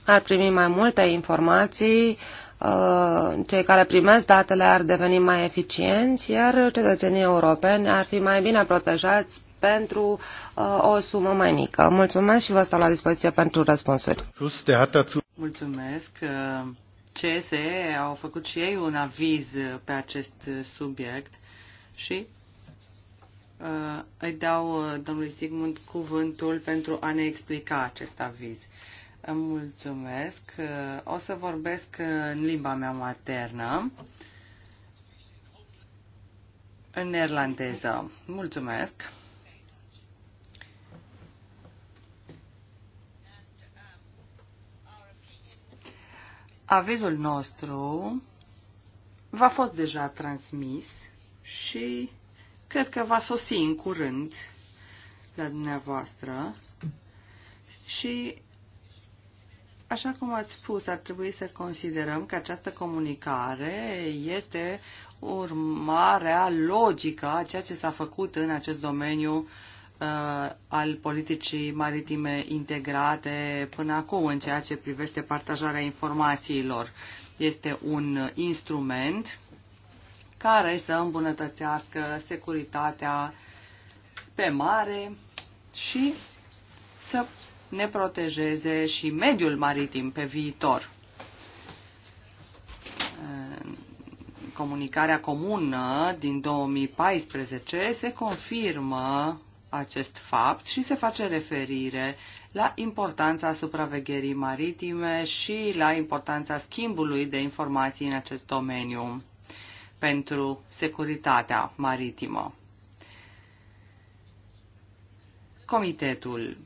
[SPEAKER 1] ar primi mai multe informații, uh, cei care primesc datele ar deveni mai eficienți, iar cetățenii europeni ar fi mai bine protejați pentru o sumă mai mică. Mulțumesc și vă stau la dispoziție pentru răspunsuri.
[SPEAKER 2] Mulțumesc. CSE au făcut și ei un aviz pe acest subiect și uh, îi dau uh, domnului Sigmund cuvântul pentru a ne explica acest aviz. Îmi mulțumesc. Uh, o să vorbesc în limba mea maternă, în neerlandeză. Mulțumesc. Avizul nostru v-a fost deja transmis și cred că va sosi în curând la dumneavoastră și Așa cum ați spus, ar trebui să considerăm că această comunicare este urmarea logică a ceea ce s-a făcut în acest domeniu uh, Uh, al politicii maritime integrate până acum în ceea ce privește partajarea informațiilor. Este un instrument care să îmbunătățească securitatea pe mare și să ne protejeze și mediul maritim pe viitor. Uh, comunicarea comună din 2014 se confirmă acest fapt și se face referire la importanța supravegherii maritime și la importanța schimbului de informații în acest domeniu pentru securitatea maritimă. Comitetul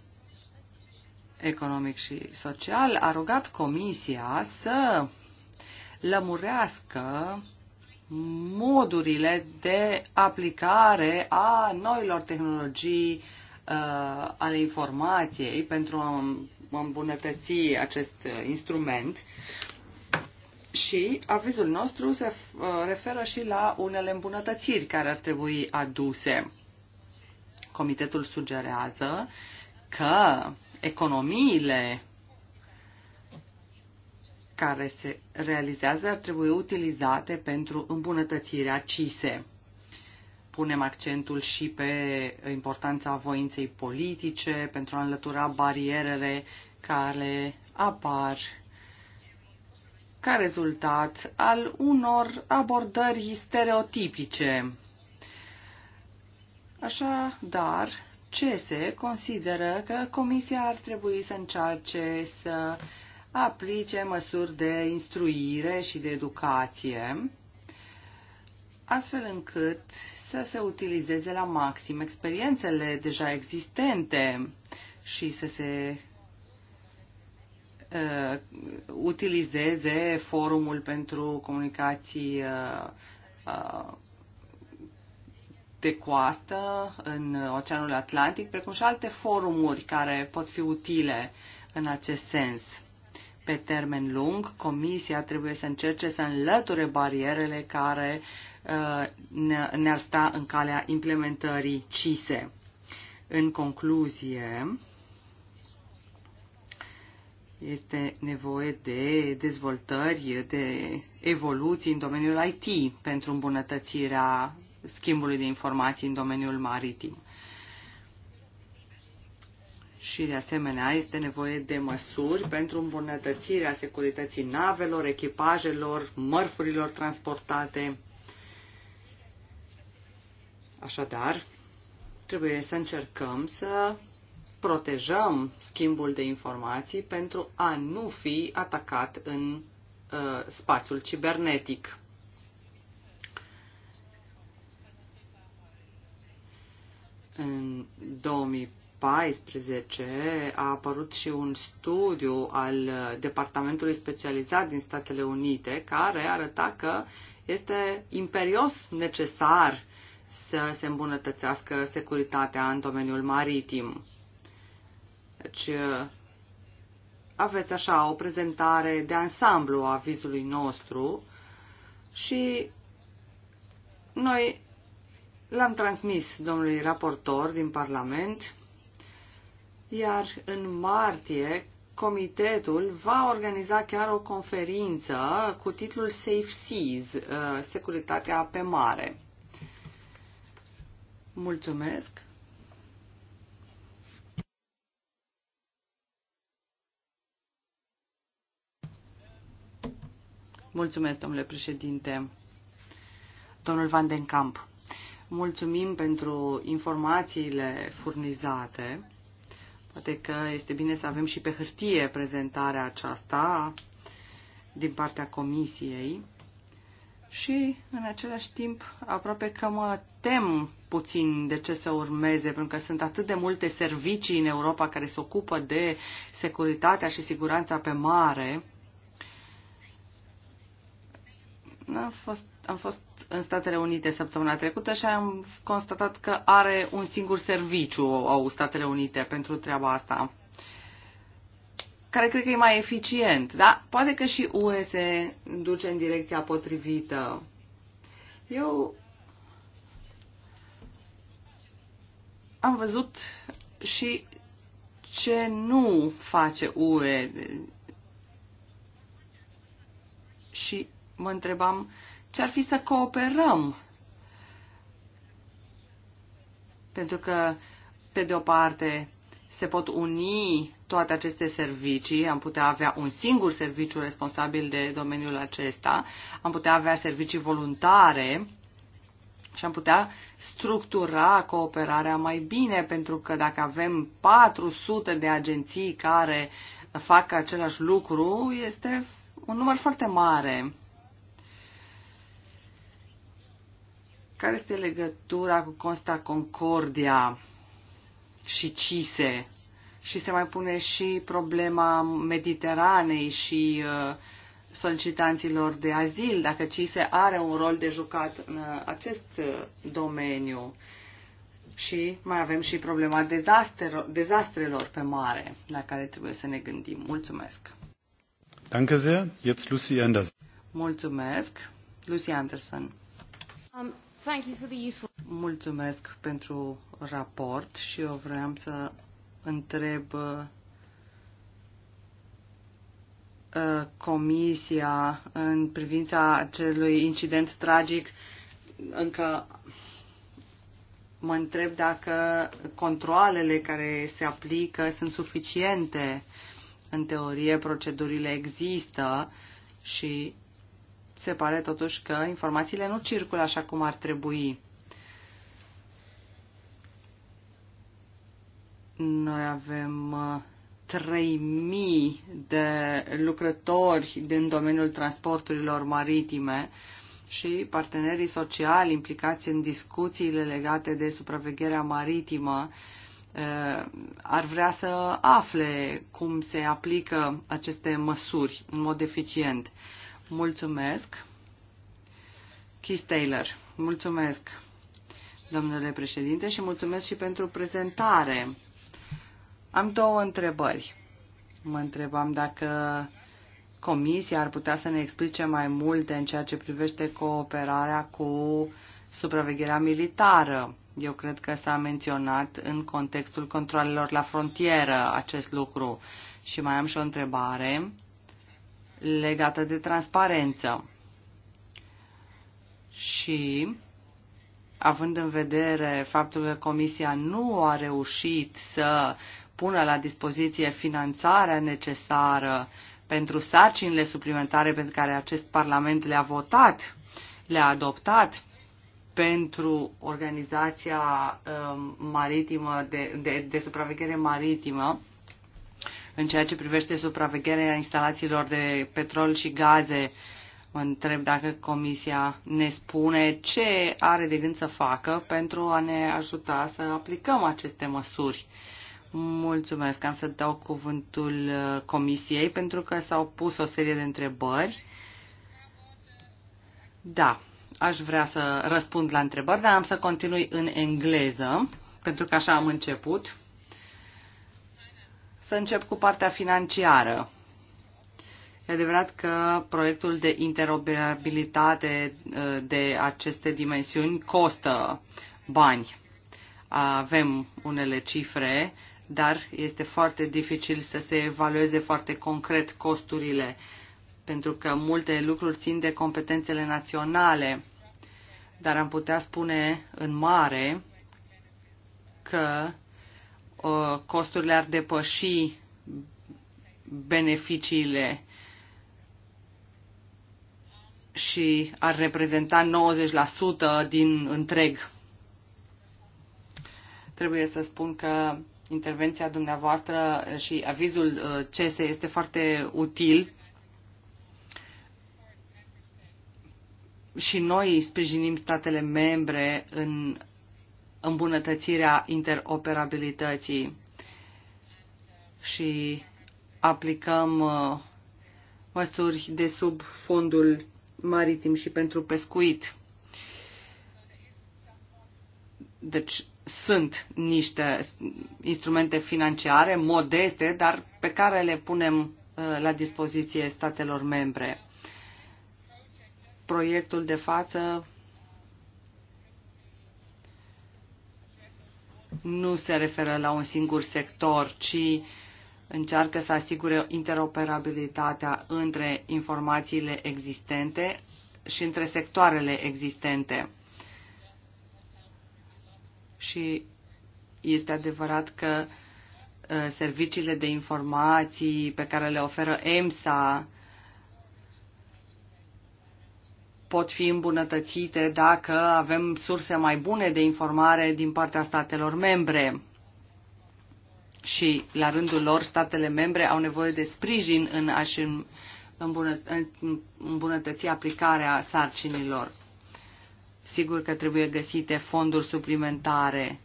[SPEAKER 2] Economic și Social a rugat Comisia să lămurească modurile de aplicare a noilor tehnologii uh, ale informației pentru a îmbunătăți acest uh, instrument. Și avizul nostru se uh, referă și la unele îmbunătățiri care ar trebui aduse. Comitetul sugerează că economiile care se realizează ar trebui utilizate pentru îmbunătățirea CISE. Punem accentul și pe importanța voinței politice pentru a înlătura barierele care apar ca rezultat al unor abordări stereotipice. Așa, dar se consideră că Comisia ar trebui să încearce să uh, aplice măsuri de instruire și de educație, astfel încât să se utilizeze la maxim experiențele deja existente și să se uh, utilizeze forumul pentru comunicații uh, uh, de coastă în Oceanul Atlantic, precum și alte forumuri care pot fi utile în acest sens. Pe termen lung, Comisia trebuie să încerce să înlăture barierele care uh, ne-ar sta în calea implementării CISE. În concluzie, este nevoie de dezvoltări, de evoluții în domeniul IT pentru îmbunătățirea schimbului de informații în domeniul maritim și, de asemenea, este nevoie de măsuri pentru îmbunătățirea securității navelor, echipajelor, mărfurilor transportate. Așadar, trebuie să încercăm să protejăm schimbul de informații pentru a nu fi atacat în uh, spațiul cibernetic. În 2000 2014 a apărut și un studiu al Departamentului Specializat din Statele Unite care arăta că este imperios necesar să se îmbunătățească securitatea în domeniul maritim. Deci aveți așa o prezentare de ansamblu a vizului nostru și noi l-am transmis domnului raportor din Parlament iar în martie comitetul va organiza chiar o conferință cu titlul Safe Seas, uh, securitatea pe mare. Mulțumesc! Mulțumesc, domnule președinte. Domnul Van den Camp, mulțumim pentru informațiile furnizate Poate că este bine să avem și pe hârtie prezentarea aceasta din partea comisiei și în același timp aproape că mă tem puțin de ce să urmeze, pentru că sunt atât de multe servicii în Europa care se ocupă de securitatea și siguranța pe mare. N-a fost am fost în Statele Unite săptămâna trecută și am constatat că are un singur serviciu au Statele Unite pentru treaba asta, care cred că e mai eficient, da? Poate că și UE se duce în direcția potrivită. Eu am văzut și ce nu face UE și mă întrebam uh, ce ar fi să cooperăm. Pentru că, pe de o parte, se pot uni toate aceste servicii, am putea avea un singur serviciu responsabil de domeniul acesta, am putea avea servicii voluntare și am putea structura cooperarea mai bine, pentru că dacă avem 400 de agenții care fac același lucru, este un număr foarte mare. Care este legătura cu Consta Concordia și Cise? Și se mai pune și problema Mediteranei și uh, solicitanților de azil, dacă CISE are un rol de jucat în uh, acest uh, domeniu. Și mai avem și problema dezastrelor pe mare, la care trebuie să ne gândim. Mulțumesc! Danke sehr. Jetzt Lucy Anderson. Mulțumesc. Lucy Anderson. Um, Mulțumesc pentru raport și eu vreau să întreb uh, comisia în privința acelui incident tragic. Încă mă întreb dacă controlele care se aplică sunt suficiente. În teorie, procedurile există și se pare totuși că informațiile nu circulă așa cum ar trebui. Noi avem 3000 uh, de lucrători din domeniul transporturilor maritime și partenerii sociali implicați în discuțiile legate de supravegherea maritimă uh, ar vrea să afle cum se aplică aceste măsuri în mod eficient. Mulțumesc. Keith Taylor. Mulțumesc, domnule președinte, și mulțumesc și pentru prezentare. Am două întrebări. Mă întrebam dacă Comisia ar putea să ne explice mai multe în ceea ce privește cooperarea cu supravegherea militară. Eu cred că s-a menționat în contextul controlelor la frontieră acest lucru. Și mai am și o întrebare legată de transparență. Și având în vedere faptul că Comisia nu a reușit să pună la dispoziție finanțarea necesară pentru sarcinile suplimentare pentru care acest Parlament le-a votat, le-a adoptat pentru organizația um, maritimă de, de, de supraveghere maritimă, în ceea ce privește supravegherea instalațiilor de petrol și gaze. Mă întreb dacă Comisia ne spune ce are de gând să facă pentru a ne ajuta să aplicăm aceste măsuri. Mulțumesc, am să dau cuvântul uh, Comisiei pentru că s-au pus o serie de întrebări. Da, aș vrea să răspund la întrebări, dar am să continui în engleză, pentru că așa am început. Să încep cu partea financiară. E adevărat că proiectul de interoperabilitate uh, de aceste dimensiuni costă bani. Avem unele cifre, dar este foarte dificil să se evalueze foarte concret costurile, pentru că multe lucruri țin de competențele naționale. Dar am putea spune în mare că Uh, costurile ar depăși beneficiile și ar reprezenta 90% din întreg. Trebuie să spun că intervenția dumneavoastră și avizul uh, CS este foarte util și noi sprijinim statele membre în îmbunătățirea interoperabilității și aplicăm uh, măsuri de sub fondul maritim și pentru pescuit. Deci sunt niște instrumente financiare modeste, dar pe care le punem uh, la dispoziție statelor membre. Proiectul de față nu se referă la un singur sector, ci încearcă să asigure interoperabilitatea între informațiile existente și între sectoarele existente. Și este adevărat că uh, serviciile de informații pe care le oferă EMSA pot fi îmbunătățite dacă avem surse mai bune de informare din partea statelor membre. Și, la rândul lor, statele membre au nevoie de sprijin în a-și îmbunătăți aplicarea sarcinilor. Sigur că trebuie găsite fonduri suplimentare,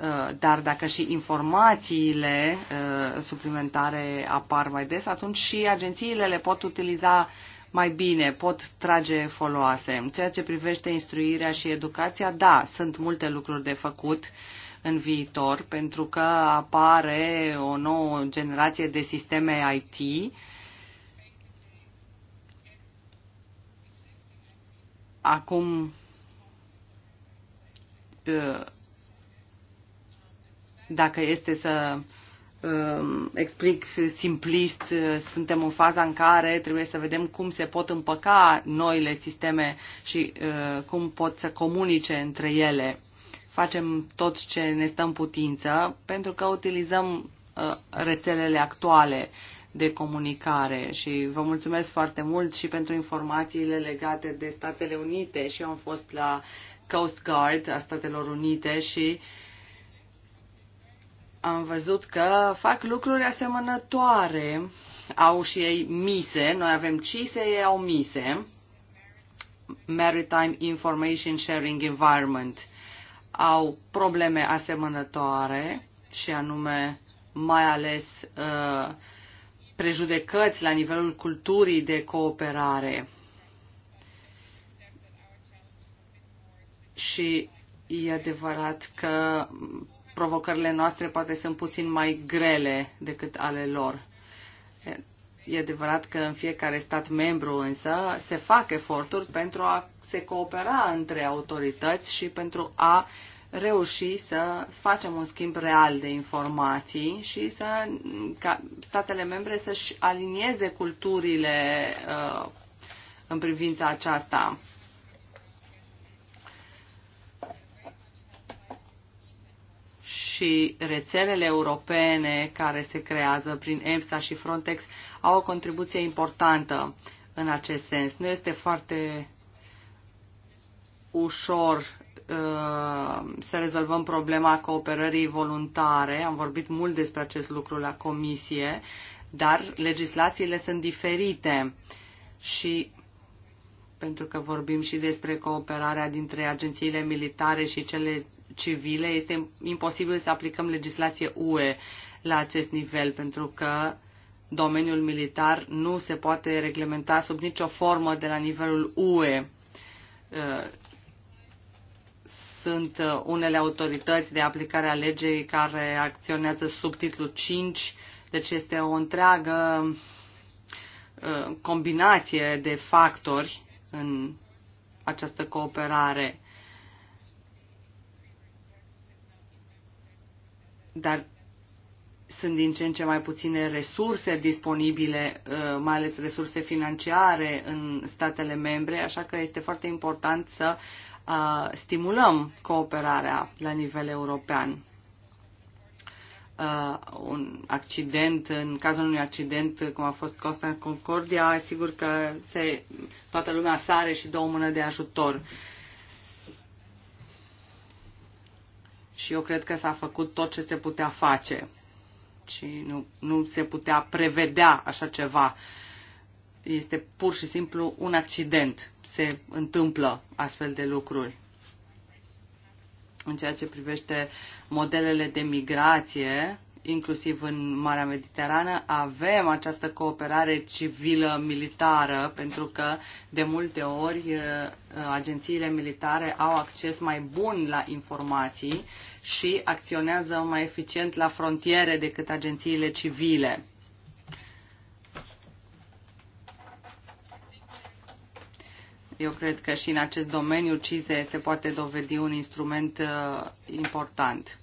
[SPEAKER 2] uh, dar dacă și informațiile uh, suplimentare apar mai des, atunci și agențiile le pot utiliza mai bine, pot trage foloase. În ceea ce privește instruirea și educația, da, sunt multe lucruri de făcut în viitor, pentru că apare o nouă generație de sisteme IT. Acum ă, dacă este să explic simplist, suntem în faza în care trebuie să vedem cum se pot împăca noile sisteme și uh, cum pot să comunice între ele. Facem tot ce ne stă în putință pentru că utilizăm uh, rețelele actuale de comunicare și vă mulțumesc foarte mult și pentru informațiile legate de Statele Unite și eu am fost la Coast Guard a Statelor Unite și uh, am văzut că fac lucruri asemănătoare. Au și ei mise, noi avem CISE, ei au mise, Maritime Information Sharing Environment. Au probleme asemănătoare și anume mai ales uh, prejudecăți la nivelul culturii de cooperare. Și e adevărat că provocările noastre poate sunt puțin mai grele decât ale lor. E adevărat că în fiecare stat membru însă se fac eforturi pentru a se coopera între autorități și pentru a reuși să facem un schimb real de informații și să ca statele membre să-și alinieze culturile uh, în privința aceasta. și rețelele europene care se creează prin EMSA și Frontex au o contribuție importantă în acest sens. Nu este foarte ușor uh, să rezolvăm problema cooperării voluntare. Am vorbit mult despre acest lucru la comisie, dar legislațiile sunt diferite și pentru că vorbim și despre cooperarea dintre agențiile militare și cele civile, este imposibil să aplicăm legislație UE la acest nivel, pentru că domeniul militar nu se poate reglementa sub nicio formă de la nivelul UE. Uh, sunt uh, unele autorități de aplicare a legei care acționează sub titlul 5, deci este o întreagă uh, combinație de factori în această cooperare. dar sunt din ce în ce mai puține resurse disponibile, uh, mai ales resurse financiare în statele membre, așa că este foarte important să uh, stimulăm cooperarea la nivel european. Uh, un accident, în cazul unui accident, cum a fost Costa Concordia, sigur că se, toată lumea sare și dă o mână de ajutor. Uh, și eu cred că s-a făcut tot ce se putea face și nu, nu se putea prevedea așa ceva. Este pur și simplu un accident. Se întâmplă astfel de lucruri. În ceea ce privește modelele de migrație, inclusiv în Marea Mediterană, avem această cooperare civilă-militară, pentru că de multe ori uh, uh, agențiile militare au acces mai bun la informații și acționează mai eficient la frontiere decât agențiile civile. Eu cred că și în acest domeniu CIZE se poate dovedi un instrument uh, important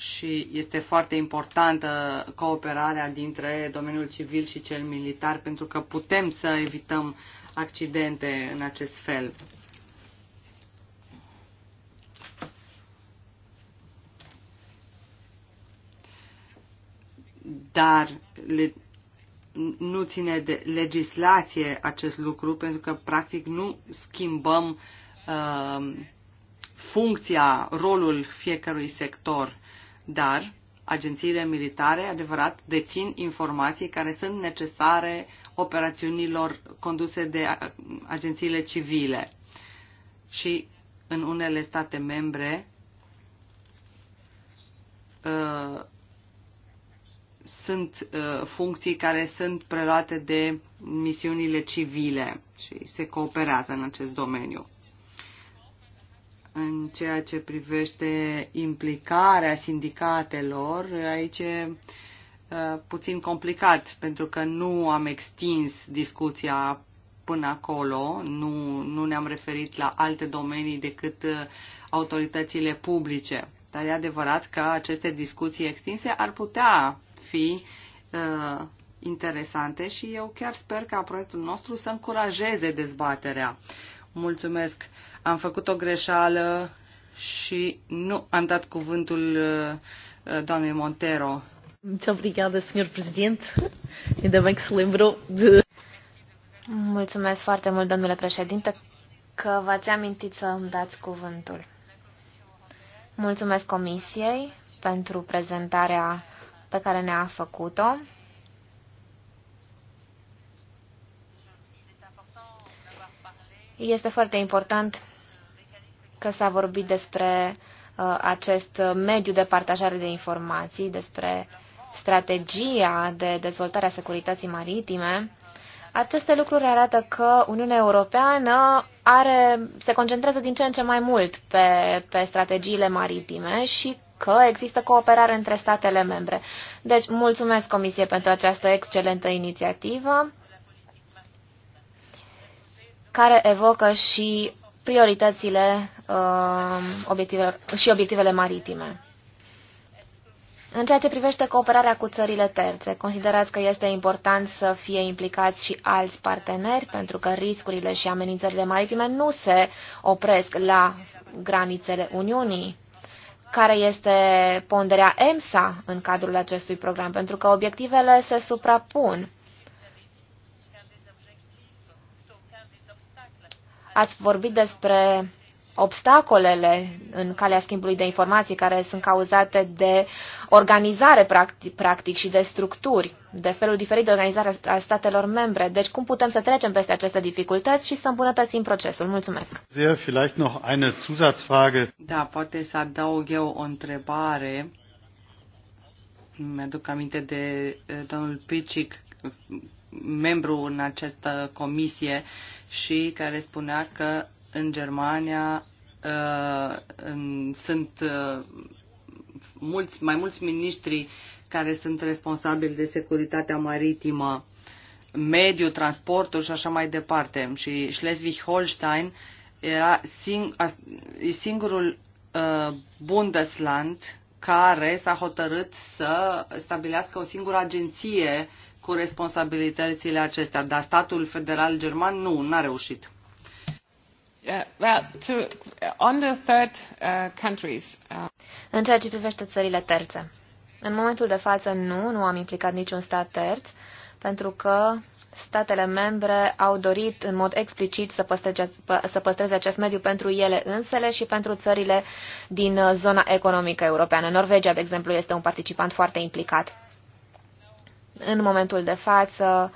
[SPEAKER 2] și este foarte importantă cooperarea dintre domeniul civil și cel militar pentru că putem să evităm accidente în acest fel. Dar le, nu ține de legislație acest lucru pentru că practic nu schimbăm uh, funcția, rolul fiecărui sector dar agențiile militare, adevărat, dețin informații care sunt necesare operațiunilor conduse de agențiile civile. Și în unele state membre uh, sunt uh, funcții care sunt preluate de misiunile civile și se cooperează în acest domeniu în ceea ce privește implicarea sindicatelor. Aici e uh, puțin complicat, pentru că nu am extins discuția până acolo, nu, nu ne-am referit la alte domenii decât uh, autoritățile publice. Dar e adevărat că aceste discuții extinse ar putea fi uh, interesante și eu chiar sper ca proiectul nostru să încurajeze dezbaterea. Uh, Mulțumesc. Am făcut o greșeală și nu am dat cuvântul uh, uh, doamnei Montero.
[SPEAKER 3] Muito obrigada, Presidente. Ainda bem que se lembrou de... Mulțumesc foarte mult, domnule președinte, că v-ați amintit să îmi dați cuvântul. Mulțumesc Comisiei pentru prezentarea pe care ne-a făcut-o. Este foarte important că s-a vorbit despre uh, acest mediu de partajare de informații, despre strategia de dezvoltare a securității maritime. Aceste lucruri arată că Uniunea Europeană are, se concentrează din ce în ce mai mult pe, pe strategiile maritime și că există cooperare între statele membre. Deci, mulțumesc Comisie pentru această excelentă inițiativă care evocă și prioritățile uh, obiectivelor, și obiectivele maritime. În ceea ce privește cooperarea cu țările terțe, considerați că este important să fie implicați și alți parteneri, pentru că riscurile și amenințările maritime nu se opresc la granițele Uniunii? Care este ponderea EMSA în cadrul acestui program? Pentru că obiectivele se suprapun. Ați vorbit despre obstacolele în calea schimbului de informații care sunt cauzate de organizare practic, practic și de structuri, de felul diferit de organizare a statelor membre. Deci cum putem să trecem peste aceste dificultăți și să îmbunătățim procesul? Mulțumesc!
[SPEAKER 2] Da, poate să adaug eu o întrebare. Mi-aduc aminte de eh, domnul Picic membru în această comisie și care spunea că în Germania uh, sunt uh, mulți, mai mulți miniștri care sunt responsabili de securitatea maritimă, mediu, transportul și așa mai departe. Și Schleswig-Holstein era sing, singurul uh, Bundesland care s-a hotărât să stabilească o singură agenție cu responsabilitățile acestea, dar statul federal german nu, n-a reușit.
[SPEAKER 3] Yeah, well, to, on the third uh, countries. Uh... În ceea ce privește țările terțe. În momentul de față nu, nu am implicat niciun stat terț, pentru că statele membre au dorit în mod explicit să păstreze, să păstreze acest mediu pentru ele însele și pentru țările din uh, zona economică europeană. Norvegia, de exemplu, este un participant foarte implicat în momentul de față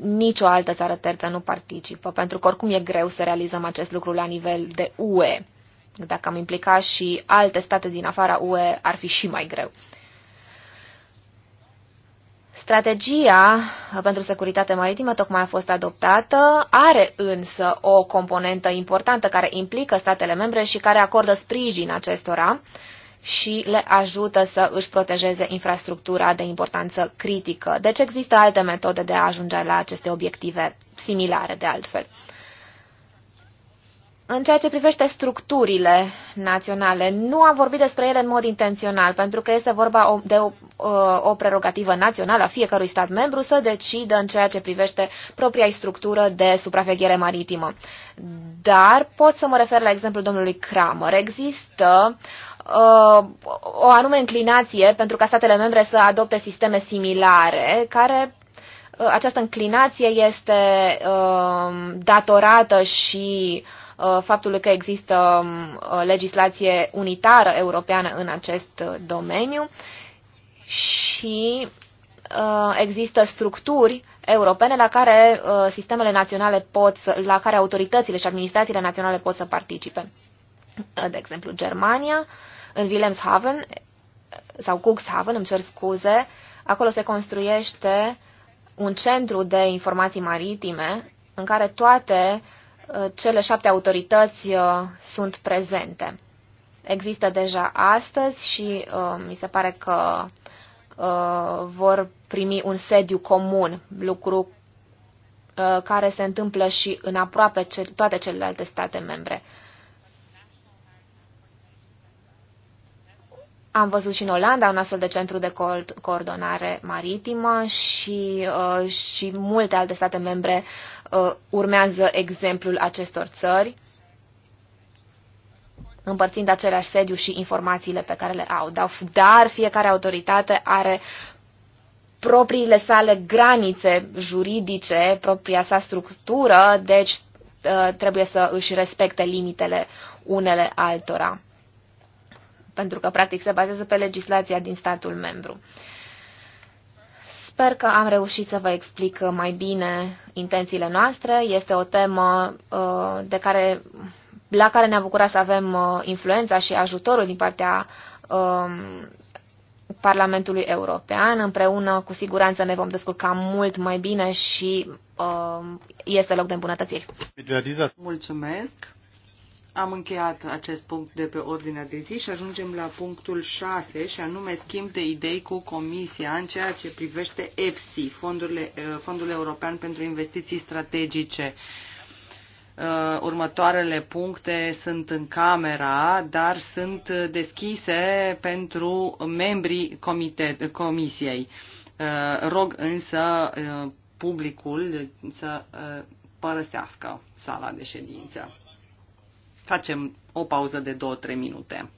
[SPEAKER 3] nicio altă țară terță nu participă, pentru că oricum e greu să realizăm acest lucru la nivel de UE. Dacă am implica și alte state din afara UE, ar fi și mai greu. Strategia pentru securitate maritimă tocmai a fost adoptată, are însă o componentă importantă care implică statele membre și care acordă sprijin acestora. Uh, și le ajută să își protejeze infrastructura de importanță critică. Deci există alte metode de a ajunge la aceste obiective similare de altfel. În ceea ce privește structurile naționale, nu am vorbit despre ele în mod intențional, pentru că este vorba de o, o prerogativă națională a fiecărui stat membru să decidă în ceea ce privește propria structură de supraveghere maritimă. Dar pot să mă refer la exemplul domnului Kramer. Există uh, uh, o anume înclinație pentru ca statele membre să adopte sisteme similare, care uh, această înclinație este uh, datorată și uh, faptului că există um, legislație unitară europeană în acest domeniu și uh, există structuri europene la care uh, sistemele naționale pot să, la care autoritățile și administrațiile naționale pot să participe de exemplu Germania, în Wilhelmshaven sau Cuxhaven, îmi cer scuze, acolo se construiește un centru de informații maritime în care toate uh, cele șapte autorități uh, sunt prezente. Există deja astăzi și uh, mi se pare că vor primi un sediu comun, lucru care se întâmplă și în aproape toate celelalte state membre. Am văzut și în Olanda un astfel de centru de coordonare maritimă și, uh, și multe alte state membre uh, urmează exemplul acestor țări, împărțind același sediu și informațiile pe care le au. Dar fiecare autoritate are propriile sale granițe juridice, propria sa structură, deci uh, trebuie să își respecte limitele unele altora pentru că practic se bazează pe legislația din statul membru. Sper că am reușit să vă explic mai bine intențiile noastre. Este o temă uh, de care, la care ne-am bucurat să avem uh, influența și ajutorul din partea um, Parlamentului European. Împreună, cu siguranță, ne vom descurca mult mai bine și um, este loc de îmbunătățiri.
[SPEAKER 2] Mulțumesc! Am încheiat acest punct de pe ordinea de zi și ajungem la punctul 6 și anume schimb de idei cu Comisia în ceea ce privește EFSI, Fondurile, eh, Fondul European pentru Investiții Strategice. Eh, următoarele puncte sunt în camera, dar sunt deschise pentru membrii comitet, comisiei. Eh, rog însă publicul să părăsească sala de ședință. Facem o pauză de 2-3 minute.